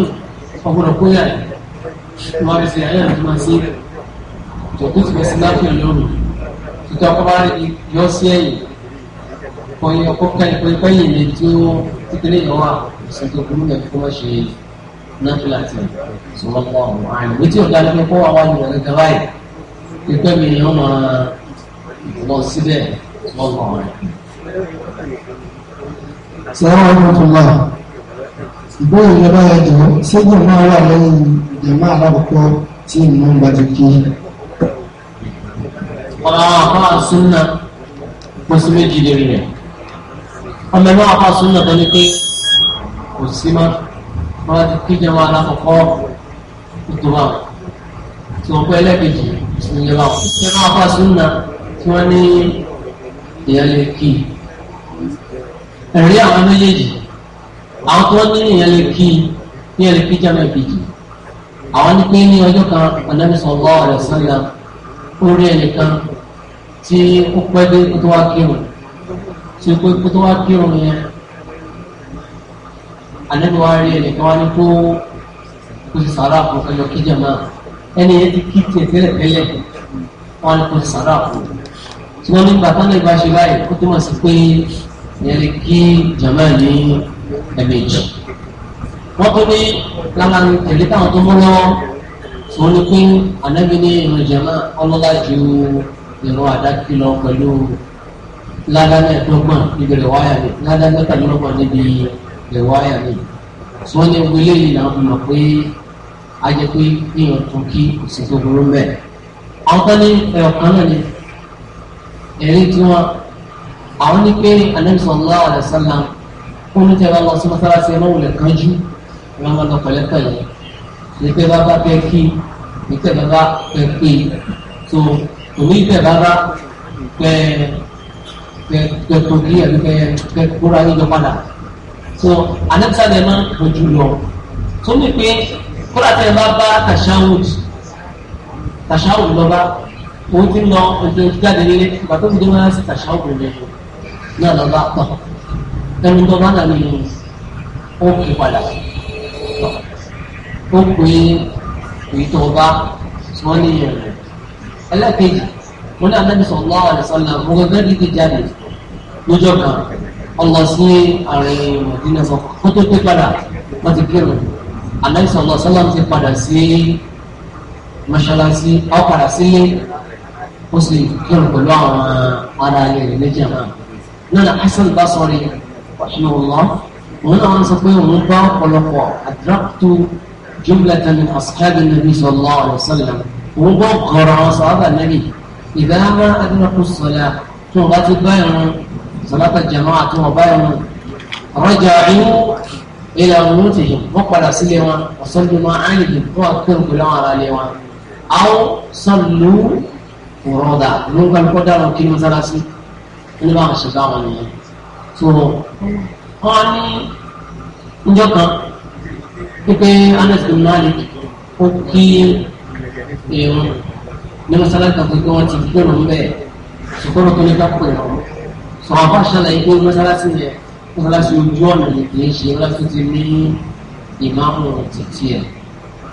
B: ọgbọdọ kó yà ẹ wọn fi ṣe ayé àti máa ṣe tòkú ti fi ṣe lápẹ̀ lọ́rùn títí ọkọ bá rí yọ sí ẹ̀yìn kọyìn ọkọ kẹyìn kọyìn kẹyìn mi tí ó títẹlẹ yọ wà sí tó burú mẹ kó má ṣe náfìlà tì sọlọ pọ àwọn àyè wọ́n ti ọ̀dà lọ́pẹ́ kó wà wá lù ọ̀rẹ́ gàlá yìí pípẹ́ mi yọ máa lọ síbẹ̀ sọlọ pọ àwọn àyè. sọ́wọ́n ọ̀rọ̀ tó lọ́wọ́ ìgbóhùn yẹn bá yẹn jọ ṣẹ́gun náà wà lẹ́yìn ìjẹ̀mọ́ alákọ̀ọ́kọ́ tí ìmọ̀ ń gbàdé kí. ọ̀rọ̀ àwọn àpá súnà kò sí méjì lérí rẹ̀ ọmọ ẹ̀rọ àpá súnà tó ní pé kò sí mọ́ wọ́n ti kí ìjẹ̀mọ́ alákọ̀ọ́kọ́ tó wà tí wọ́n pẹ́ ẹlẹ́kejì ìjẹ̀mọ́ àpá súnà tí wọ́n ní ìyẹn kí ẹ̀rí àwọn méjèèjì àwọn tó ní ìyẹn lè kí ìyẹn lè kí jẹ́mẹ̀ bìjì àwọn ní pé ní ọjọ́ kan ọ̀nàmísọ̀ ọ̀gá ọ̀rẹ́ sọ́nà orí ẹnìkan tí ó pẹ́ dé kó tó wá kírun tí ó kó tó wá kírun yẹn ànábìwá rí ẹnìkan wá ní kó kó sì sàrà fún ọjọ́ kí jẹ́mẹ̀ ẹni yẹn ti kí tiẹ̀ tẹ́lẹ̀ tẹ́lẹ̀ wọn ni kò sì sàrà fún tí wọ́n ní gbàtánlẹ̀ ìbáṣe báyìí ó túmọ̀ sí pé ìyẹn lè kí jàmáà ní ẹ̀mejì wọ́n tó ní lára tẹ̀lé táwọn tó mú lọ́wọ́ tó ní pé ànábi ní ìrìn jẹ̀mọ́ ọlọ́lá ju ìrọ̀ àdákì lọ pẹ̀lú ládàá ẹ̀dọ́gbọ̀n níbi rẹ̀ wáyà mi ládàá mẹ́tàlélọ́gbọ̀n níbi rẹ̀ wáyà mi tí wọ́n ní wílé yìí náà mọ̀ pé a jẹ́ pé yíyan tún kí kò sí tó burú mẹ́ àwọn tó ní ẹ̀ọ̀kan náà ni ẹ̀rí tí wọ́n àwọn ní pé ànábi sọ̀rọ̀ lọ́wọ́ àdàsánlá ó ní tẹ́lá lọ sí mọ́sálásí ẹ̀rọ òwúlẹ̀ kanjú ìwọ́n máa lọ pẹ̀lẹ́pẹ̀lẹ́ ìtẹ́ bá bá fẹ́ kí ìtẹ́ bá bá fẹ́ pé so òní ìtẹ́ bá bá fẹ́ fẹ́ tó kí ẹ̀rí fẹ́ fẹ́ kóra yíjọ padà so anẹ́tàlẹ́ máa ń kojú lọ tó ní pé kóra tẹ́ bá bá tashahud tashahud lọ́ba òun ti ń lọ ojú jáde nílé bàtó ti dé wọn á sì tashahud lẹ́yìn náà lọ́ba pọ̀ ẹnu tó bá dà ní o kì padà ó pè é èyí tó bá sọ ní sallallahu alaihi wasallam mo gbẹgbẹ́ dídí jáde lójọ́ kan ọlọ sí àárín mọ̀dínà sọ kó tó pé padà wọ́n ti kírun anábì sallallahu alaihi wasallam ti padà sí mọ́ṣáláṣí ọ padà sílé ó sì kírun rahimahullah òun náà sọ pé òun bá ọ̀pọ̀lọpọ̀ adraktu jumlatan min ashabi nabi sallallahu alayhi wa sallam òun bá ọ̀gọ̀rọ̀ àwọn sàábà nabi ìgbà má adraku sọlá tí wọn bá ti bá irun sọlátà jama'a tí wọn bá irun raja'u ila buyutihim wọn padà sílé wọn ọ̀sọ́dún máa ń rìn fún akérò pẹ̀lú àwọn ará ilé wọn aw sallu furada ló ń gbàgbọ́ dára kí ni mọ́sálásí nínú àwọn ṣẹ̀dá wọn nìyẹn so wọ́n ní njọ́ kan pípé Anas bin Malik ó kí irun ní mọ́sálásí kan pé wọ́n ti gbẹ̀rù ń bẹ̀ ṣùgbọ́n tó ní ká pè ọ́ sọ̀rọ̀ bá ṣàlàyé pé mọ́sálásí yẹn mọ́sálásí ojú ọ̀nà ni kì í ṣe mọ́sálásí ti ní ìmáàmù títí ẹ̀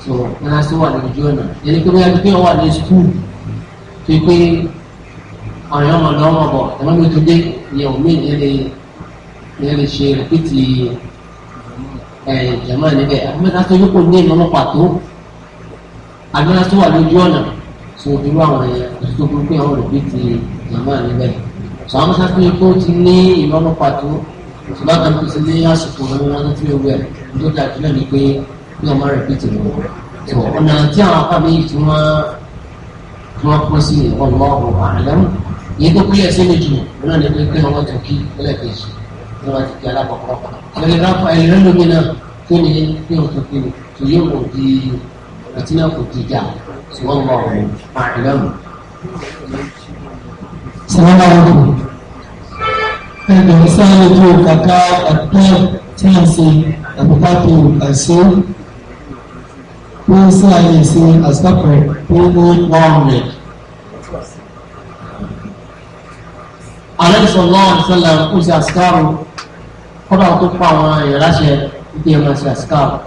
B: so mọ́sálásí wà ní ojú ọ̀nà yẹn pé bóyá pípé wà ní skul tó pé àwọn ọmọ lọ́wọ́ bọ̀ ẹ̀rọ mi tó dé ìyẹn mí ìyẹn lè ní lè ṣe rìpítì eh, jama níbẹ̀ àbúmẹ́ta tó yẹ kó ní ìlú ọlọ́pàá tó àbúmẹ́ta tó wà lójú ọ̀nà tó irú àwọn ẹ̀yà tó burú pé àwọn rìpítì jama níbẹ̀ sọ àwọn mẹ́ta tó kó ti ní ìlú ọlọ́pàá tó ṣùgbọ́n kan tó ti ní àsìkò ọlọ́wọ́ tó yẹ wẹ̀ tó dàjú náà ni pé bí ọmọ rìpítì lọ tó ọ̀nà tí àwọn apá mi fi wọ́n fi wọ́n pọ̀ sí ọlọ́wọ́ àlẹ́ yìí tó kúlẹ̀ sí méjì náà ni pé ní wọ́n ti di alákọ̀ọ́kọ́ kan àwọn ẹni ráfà ẹni rẹ́ lómi náà kí ni kí o tó kí di àti náà kò di ìjà tí wọ́n mọ̀ ọ̀rọ̀ àìlẹ́mù. sàlámà ọkọ ẹgbẹ̀rún sáré tó kàkà àtẹ tí a ṣe àbúkátó àṣẹ tó sáré ṣe àṣàkọ tó ní ọ̀rẹ́. àlẹ́ sọ̀rọ̀ náà sọ̀rọ̀ ṣe àṣàkárò kọ́dọ̀ àwọn tó pa àwọn èèyàn láṣẹ ìdí ẹ̀mọ̀ sí àsìkà o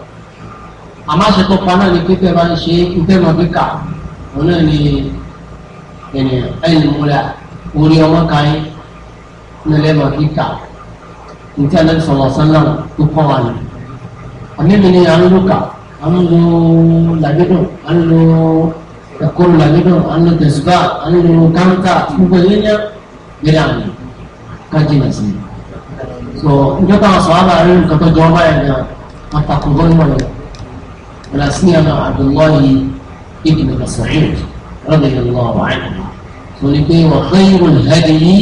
B: àmọ́ àṣẹ tó pa náà ni pé bẹ́ẹ̀ bá ń ṣe ìfẹ́ mọ̀ bí kà òun náà ni ènìyàn ẹ̀yìn múlẹ̀ orí ọmọ kan yín nílẹ̀ mọ̀ bí kà nítí ànábì sọ̀rọ̀ sánlá tó kọ́ wa nù àmì mi ni à ń lò kà à ń lo làbídùn à ń lo ẹ̀kọ́rù làbídùn à ń lo tẹ̀síbà à ń lo káńtà gbogbo ẹ̀yẹ́ yẹn gbéra mi ká jìnnà sí i so njẹ́ táwọn sọ̀rọ̀ àbárí nǹkan tó jọ ọba ẹ̀dá àtàkùn lórí wọn wọn sí ẹ̀nà Abdullahi ibn Mas'ud radiyallahu anhu so ní pé wọ́n khayrul hadiyi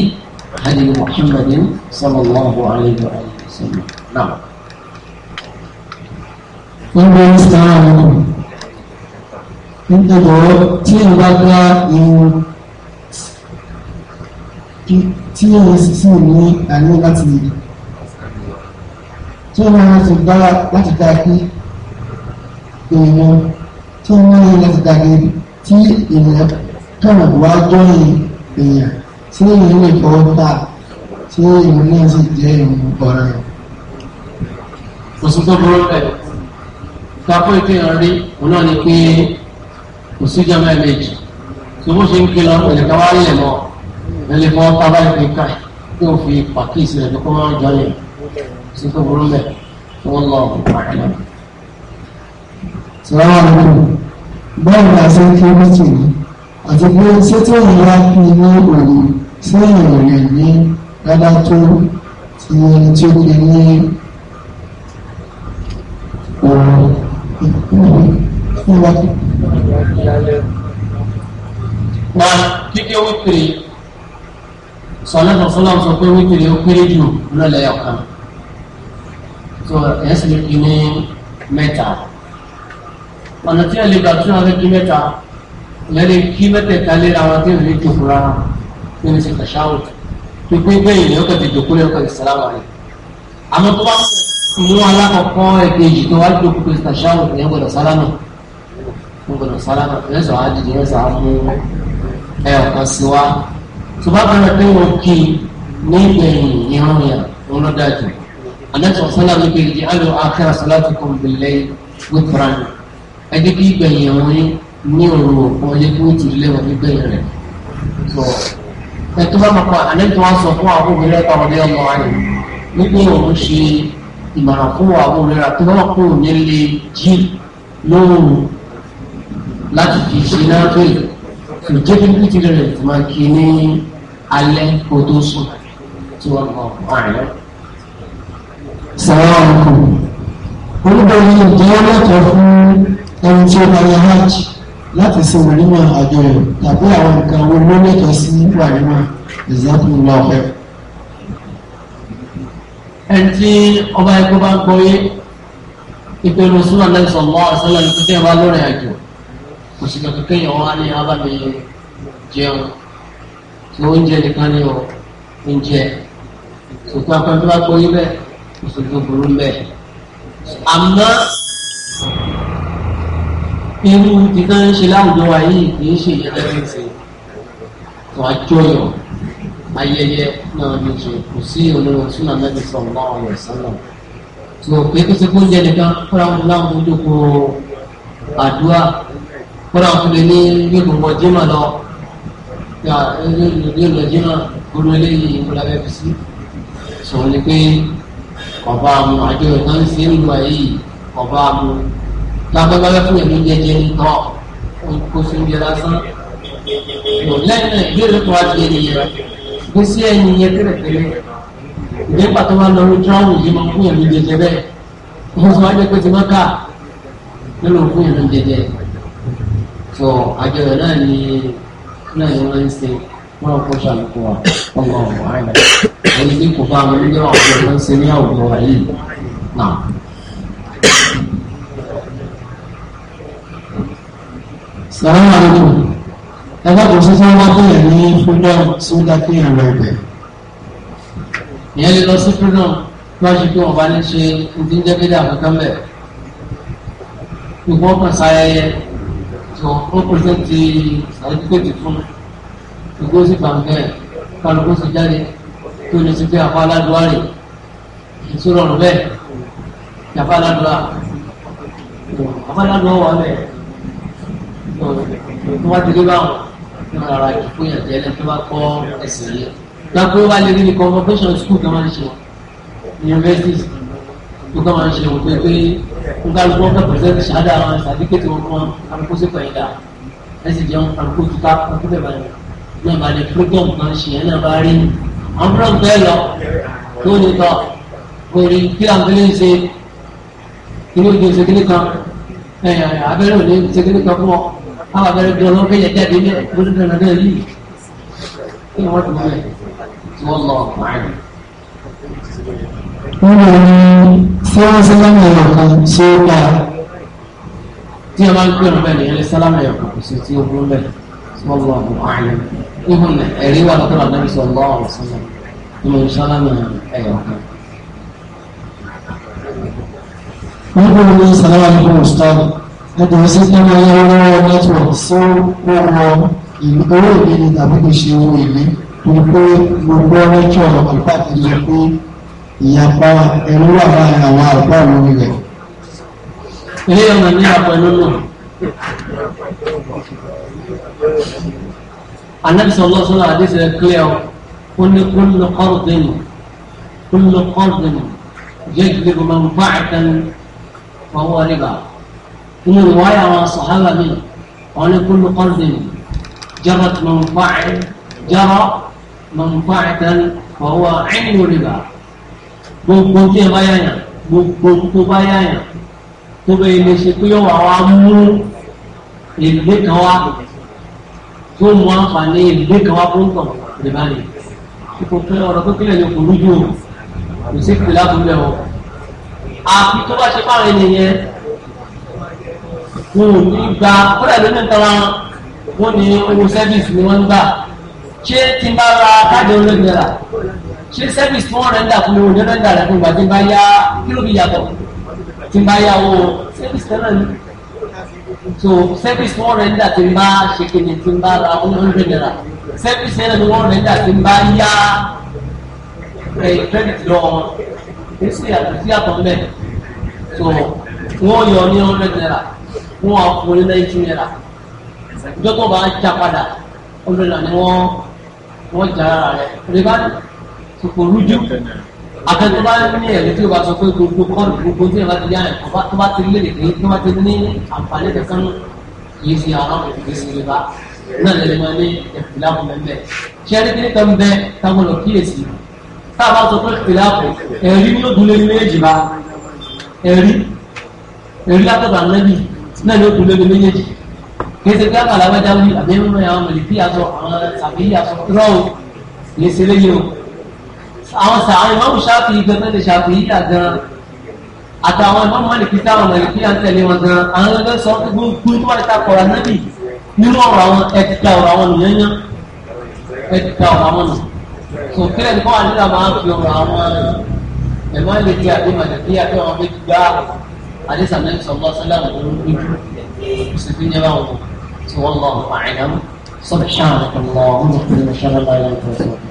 B: hadiyi Muhammadin sallallahu alayhi wa sallam náà.
A: wọ́n gbé ń sáà wọn
B: nítorí tí ń bá dá irun tí wọ́n máa ti gbá láti dá bí èèyàn tí wọ́n máa láti dá bí tí èèyàn kàn wá jọyìn èèyàn tí èèyàn lè fọwọ́ gbà tí èèyàn náà sì jẹ́ ìrùn ọ̀rọ̀ kò sí tó burú bẹ́ẹ̀ kápó ìkéyàn rí òun náà ni pé kò síjọ́ mẹ́ẹ̀mejì tó bó ṣe ń ké lọ ẹ̀ka wá lè mọ́ ẹ̀ lè fọwọ́ pa báyìí ká yóò fi pàkíyèsí rẹ̀ tó máa ń jọyìn sí tó burú bẹ̀ tó wọ́n lọ ọ̀pọ̀lọpọ̀. sọ̀rọ̀ àwọn bọ́ọ̀lù àti kẹ́mítì ni àti pé ṣé tí òun wá fi ní òru sí èèyàn rẹ̀ ní dáadáa tó ti ẹni tí ó fi ní òru ìpínlẹ̀. na kíkẹ́ wípé sọ̀lẹ́nà fúnlọ́n sọ pé wípé ó kéré jù lọ́lẹ̀ ọ̀kan tó ẹ̀ sì lè pín ní mẹ́ta ọ̀nà tí wọ́n lè gbà tún àwọn ẹgbẹ́ mẹ́ta lẹ́ni kí mẹ́tẹ̀ẹ̀ta léra wọn tí ìrìn jòkó rárá ní ní ṣètò ṣáwùd tó pé bẹ́ẹ̀ ni ọkọ̀ ti jòkó ní ọkọ̀ ìsàlámà rẹ̀ àmọ́ tó bá mú alákọ̀ọ́kọ́ ẹgbẹ́ yìí tó wá jòkó pé ṣètò ṣáwùd ní ọgbọ̀dọ̀ sálámà ọgbọ̀dọ̀ sálámà ẹ̀sọ̀ àdìdì ẹ̀sọ̀ àmú ẹ̀ ọ̀kan sí wa tó bá bẹ̀rẹ̀ pé wọ́n kí ní ìgbẹ̀yìn ìrìn ànábì ọ̀sán àwọn ibi ìdí àlọ́ àkàrà sọ́láàtì kan bẹ̀lẹ̀ wípra ẹni bí gbẹ̀yìn àwọn ní òru òkú ọjọ́ kí wọ́n ti lé wọn gbẹ̀yìn rẹ̀ sọ ẹ̀tọ́ bá mọ̀kọ́ ànábì wọn sọ fún àwọn obìnrin ọ̀tọ̀ ọ̀dẹ́ ọmọ ayé wípé òun ṣe ìmọ̀ràn fún àwọn obìnrin àti wọn kò ní lè jí lóòrùn láti fi ṣe náà bẹ́ẹ̀ ìjẹ́ bí bí ti rẹ̀ máa kí ní alẹ́ kó tó sùn tí wọ́n mọ̀ ọ̀rẹ́ sàrà ọkọ orúkọ yìí jẹ́ lẹ́tọ̀ọ́ fún ẹni tí ó bá yẹ hajj láti ṣe wàlímọ̀ àjọyọ̀ tàbí àwọn nǹkan wo ló lẹ́tọ̀ọ́ sí wàlímọ̀ ìzákùnlá ọ̀fẹ́. ẹni tí ọba ẹgbẹ́ bá ń gbọ́yé ìpinnu súnà lẹ́sọ̀ mọ́ àṣálà ní pípẹ́ bá lórí àjò kò sì kàkà kéèyàn wá ní abámi jẹun tí oúnjẹ nìkan ní oúnjẹ òkú akọ́ńtà bá gbọ́yé bẹ́ẹ̀ oṣù tó burú mbẹ àmọ́ irú ìdá ń ṣe láwùjọ wa yìí kì í ṣe ìyẹn lẹ́yìn ṣe tó àjọyọ̀ ayẹyẹ náà ní ṣe kò sí olóró súnà mẹ́bí sọ̀rọ̀ náà ọ̀rọ̀ sọ́nà tó o pé kó ṣe kó jẹ nìkan kóra wọn láwọn ojókòó àdúrà kóra wọn lè ní gbígbùngbọ̀ jimá lọ yà ẹ ní ìlú ìlú jimá gbóló eléyìí ìmúlẹ̀ bẹ́ẹ̀ fi sí sọ̀rọ̀ ni pé ọba mu àjọ ìtàn sí ìlú ayé ọba mu lábẹ́bẹ́rẹ́ fún ìlú jẹjẹ nítọ́ kó sí oúnjẹ lásán yóò lẹ́yìn náà ìbéèrè tó wá di ènìyàn bí sí ẹni yẹn tẹ́lẹ̀tẹ́lẹ̀ ìdí pàtó máa lọ ojú àwọn yìí máa fún ìlú jẹjẹ bẹ́ẹ̀ wọ́n sọ wájú pé ti má kà nínú fún ìlú jẹjẹ tó àjọyọ̀ náà ni náà ni wọ́n ń ṣe wọn kò ṣàlùkù wa ọmọ ọmọ àìlẹ èyí tí kò bá wọn nígbà wọn kò ń ṣe ní àwùjọ wa yìí náà. sàlámù àlejò ẹgbẹ́ kò sí fún wọn bẹ̀rẹ̀ ní freedom sódà kí n lọ bẹ̀. ìyẹn lè lọ sí freedom wọ́n ṣe kí wọ́n bá ní ṣe ìdí ń jẹ́ bí dàbí kánbẹ̀. tó ó pèsè ti sàlùkù ti fún mi igbó sì gbàǹgẹ̀ kálukú sì jáde tó lè ti fi àfa aládùá rè ìṣòro ọ̀rọ̀ bẹ́ẹ̀ ìyàfa aládùá àfa aládùá wà bẹ́ẹ̀ tó wá délé báwọn ní ara ìfún yàn jẹ́ ẹni tó bá kọ́ ẹ̀sìn yẹn dákúrò wá lè rí ní convocation school kan máa ń ṣe universities tó kàn máa ń ṣe òun pé pé n ká lóko ọkọ pẹ̀sẹ̀ ṣáádà wọn sàdíkẹ́tì wọn fún wọn kálukú sí pẹ̀yìndà ẹ̀sìn jẹun náà bá lè freedom kan ṣe yẹn náà bá rí àwọn fúlọ́ọ̀mù bẹ́ẹ̀ lọ tó ní tọ́ kò rí kí àbẹ́lẹ́ ń ṣe inú ìjọ ṣe kíní kan abẹ́rẹ́ òní ṣe kíní kan fún ọ àwọn abẹ́rẹ́ bí ọlọ́run kéèyàn jáde ní ọdún náà náà yìí kí wọ́n dùn mẹ́ tí wọ́n lọ àárín.
A: wọ́n lọ ní tí wọ́n sálámù
B: ẹ̀rọ kan ṣe é dáa tí a máa ń gbé ọ̀rọ̀ bẹ́ẹ̀ ní ẹni sálámù ẹ̀rọ kan kò sí tí ó burú bẹ́ẹ̀ tí wọ́n lọ àárín ihun ẹ̀rí wà lọ́kọ̀ọ́ ànábì sọ lọ́wọ́ ọ̀rọ̀ sọ́nà ní mo ń sọ́nà náà ẹ̀yọ̀ kan. wọ́n kọ́ ní sàlámà ní kò stọ́ọ̀bù ẹ̀dùn sí tẹ́lẹ̀ ayé lọ́wọ́ network sí wọ́n wọ ìlú owó ìlú ni tàbí ṣe owó ìlú tó pé gbogbo ọlọ́jọ́ ọ̀pá ti lọ pé ìyapa ẹ̀rú wà láàrin àwọn àgbà lórí rẹ̀. ilé ọ̀nà ní àpẹẹrẹ náà anabi sallallahu alaihi wasallam àdéhùn rẹ̀ clear o ó ní kullu qardin kullu qardin yajlibu manfa'atan wa huwa riba inú ìwáyà àwọn sàhábà mi wọn ní kullu qardin jarat manfa'a jara manfa'atan wa huwa 'aynu riba gbogbo tí ẹ bá yáyà gbogbo tó bá yáyà tó bẹ ilé ṣe pé yóò wá wá mú èlé kan wá tí ó mú àǹfààní ìgbé kan wá fún tàn lè bá rìn ipò pé ọ̀rọ̀ tó kílẹ̀ yóò kò rújú o kò sí ìpìlẹ̀ àbúlẹ̀ o àfi tó bá ṣe fáwọn ènìyàn wọn ò ní gba kódà lónìí tara wọn ní owó sẹ́fíìsì ni wọ́n ń gbà ṣé tí n bá ra káàdì olóògbé náírà ṣé sẹ́fíìsì tí wọ́n rẹ̀ ń dà fún mi ò ní rẹ̀ ń dà rẹ̀ fún ìgbà tí n bá yá kí ló fi yàtọ̀ tí n bá yá owó sẹ́fíìsì náírà so service wọn rẹ̀ndà timba, ń bá timba, kìnnì tí ń bá ra one hundred naira service yẹn ni wọn rẹ̀ndà tí ń bá yá credit lọ èsì àtúntí àtọ̀mẹ́ so wọn yọ ní one hundred naira wọn wà fún ní ninety naira ìjọ tó bá já padà one hundred eh. naira ni wọn wọn àtẹnudọ́ bá ní ẹ̀rí tí o bá sọ pé gbogbo kọ́ọ̀lù gbogbo tí ìwà ti yá ẹ̀ tó bá ti lé nìkan tó bá ti ní àǹfààní kankan yìí fi àwọn òkè sí i bá náà lè máa ní ìfìlàpù mẹ́mẹ́. ṣẹ́rí kí nìkan bẹ tábọ̀lọ̀ kíyèsí tá a bá sọ pé ìfìlàpù ẹ̀rí ló dúlé ní méjì bá ẹ̀rí ẹ̀rí látọ̀tà nẹ́bì náà ló dúlé ní méjì kì í ṣe pé àkàlà wẹ́dá wí àbí àwọn sàárè ìmáàmù ṣáàfì ìgbẹ́mẹ́lẹ̀ ṣáàfì yìí dà gan-an àtàwọn ìmáàmù mọ́lẹ̀ kí táwọn mọ̀lẹ̀ kí à ń tẹ̀lé wọn gan-an àwọn ẹgbẹ́ sọ gbogbo tó wà ní takọ̀rọ̀ anábì nínú ọ̀rọ̀ àwọn ẹ̀dìkà ọ̀rọ̀ àwọn nìyẹn yán ẹ̀dìkà ọ̀rọ̀ àwọn nù kò kílẹ̀ ní kọ́wà nílà máa ń fi ọ̀rọ̀ àwọn ẹ̀mọ́ lè di àdé màdàkí àti àwọn méjì gbá àdésàmẹ́lì sọ̀lọ́ sọ́lámù ló ń gbé oṣù tó ń yẹ báwọn tí wọ́n lọ àìyàn sọ́bìṣàn àti ọ̀rọ̀ ọ̀hún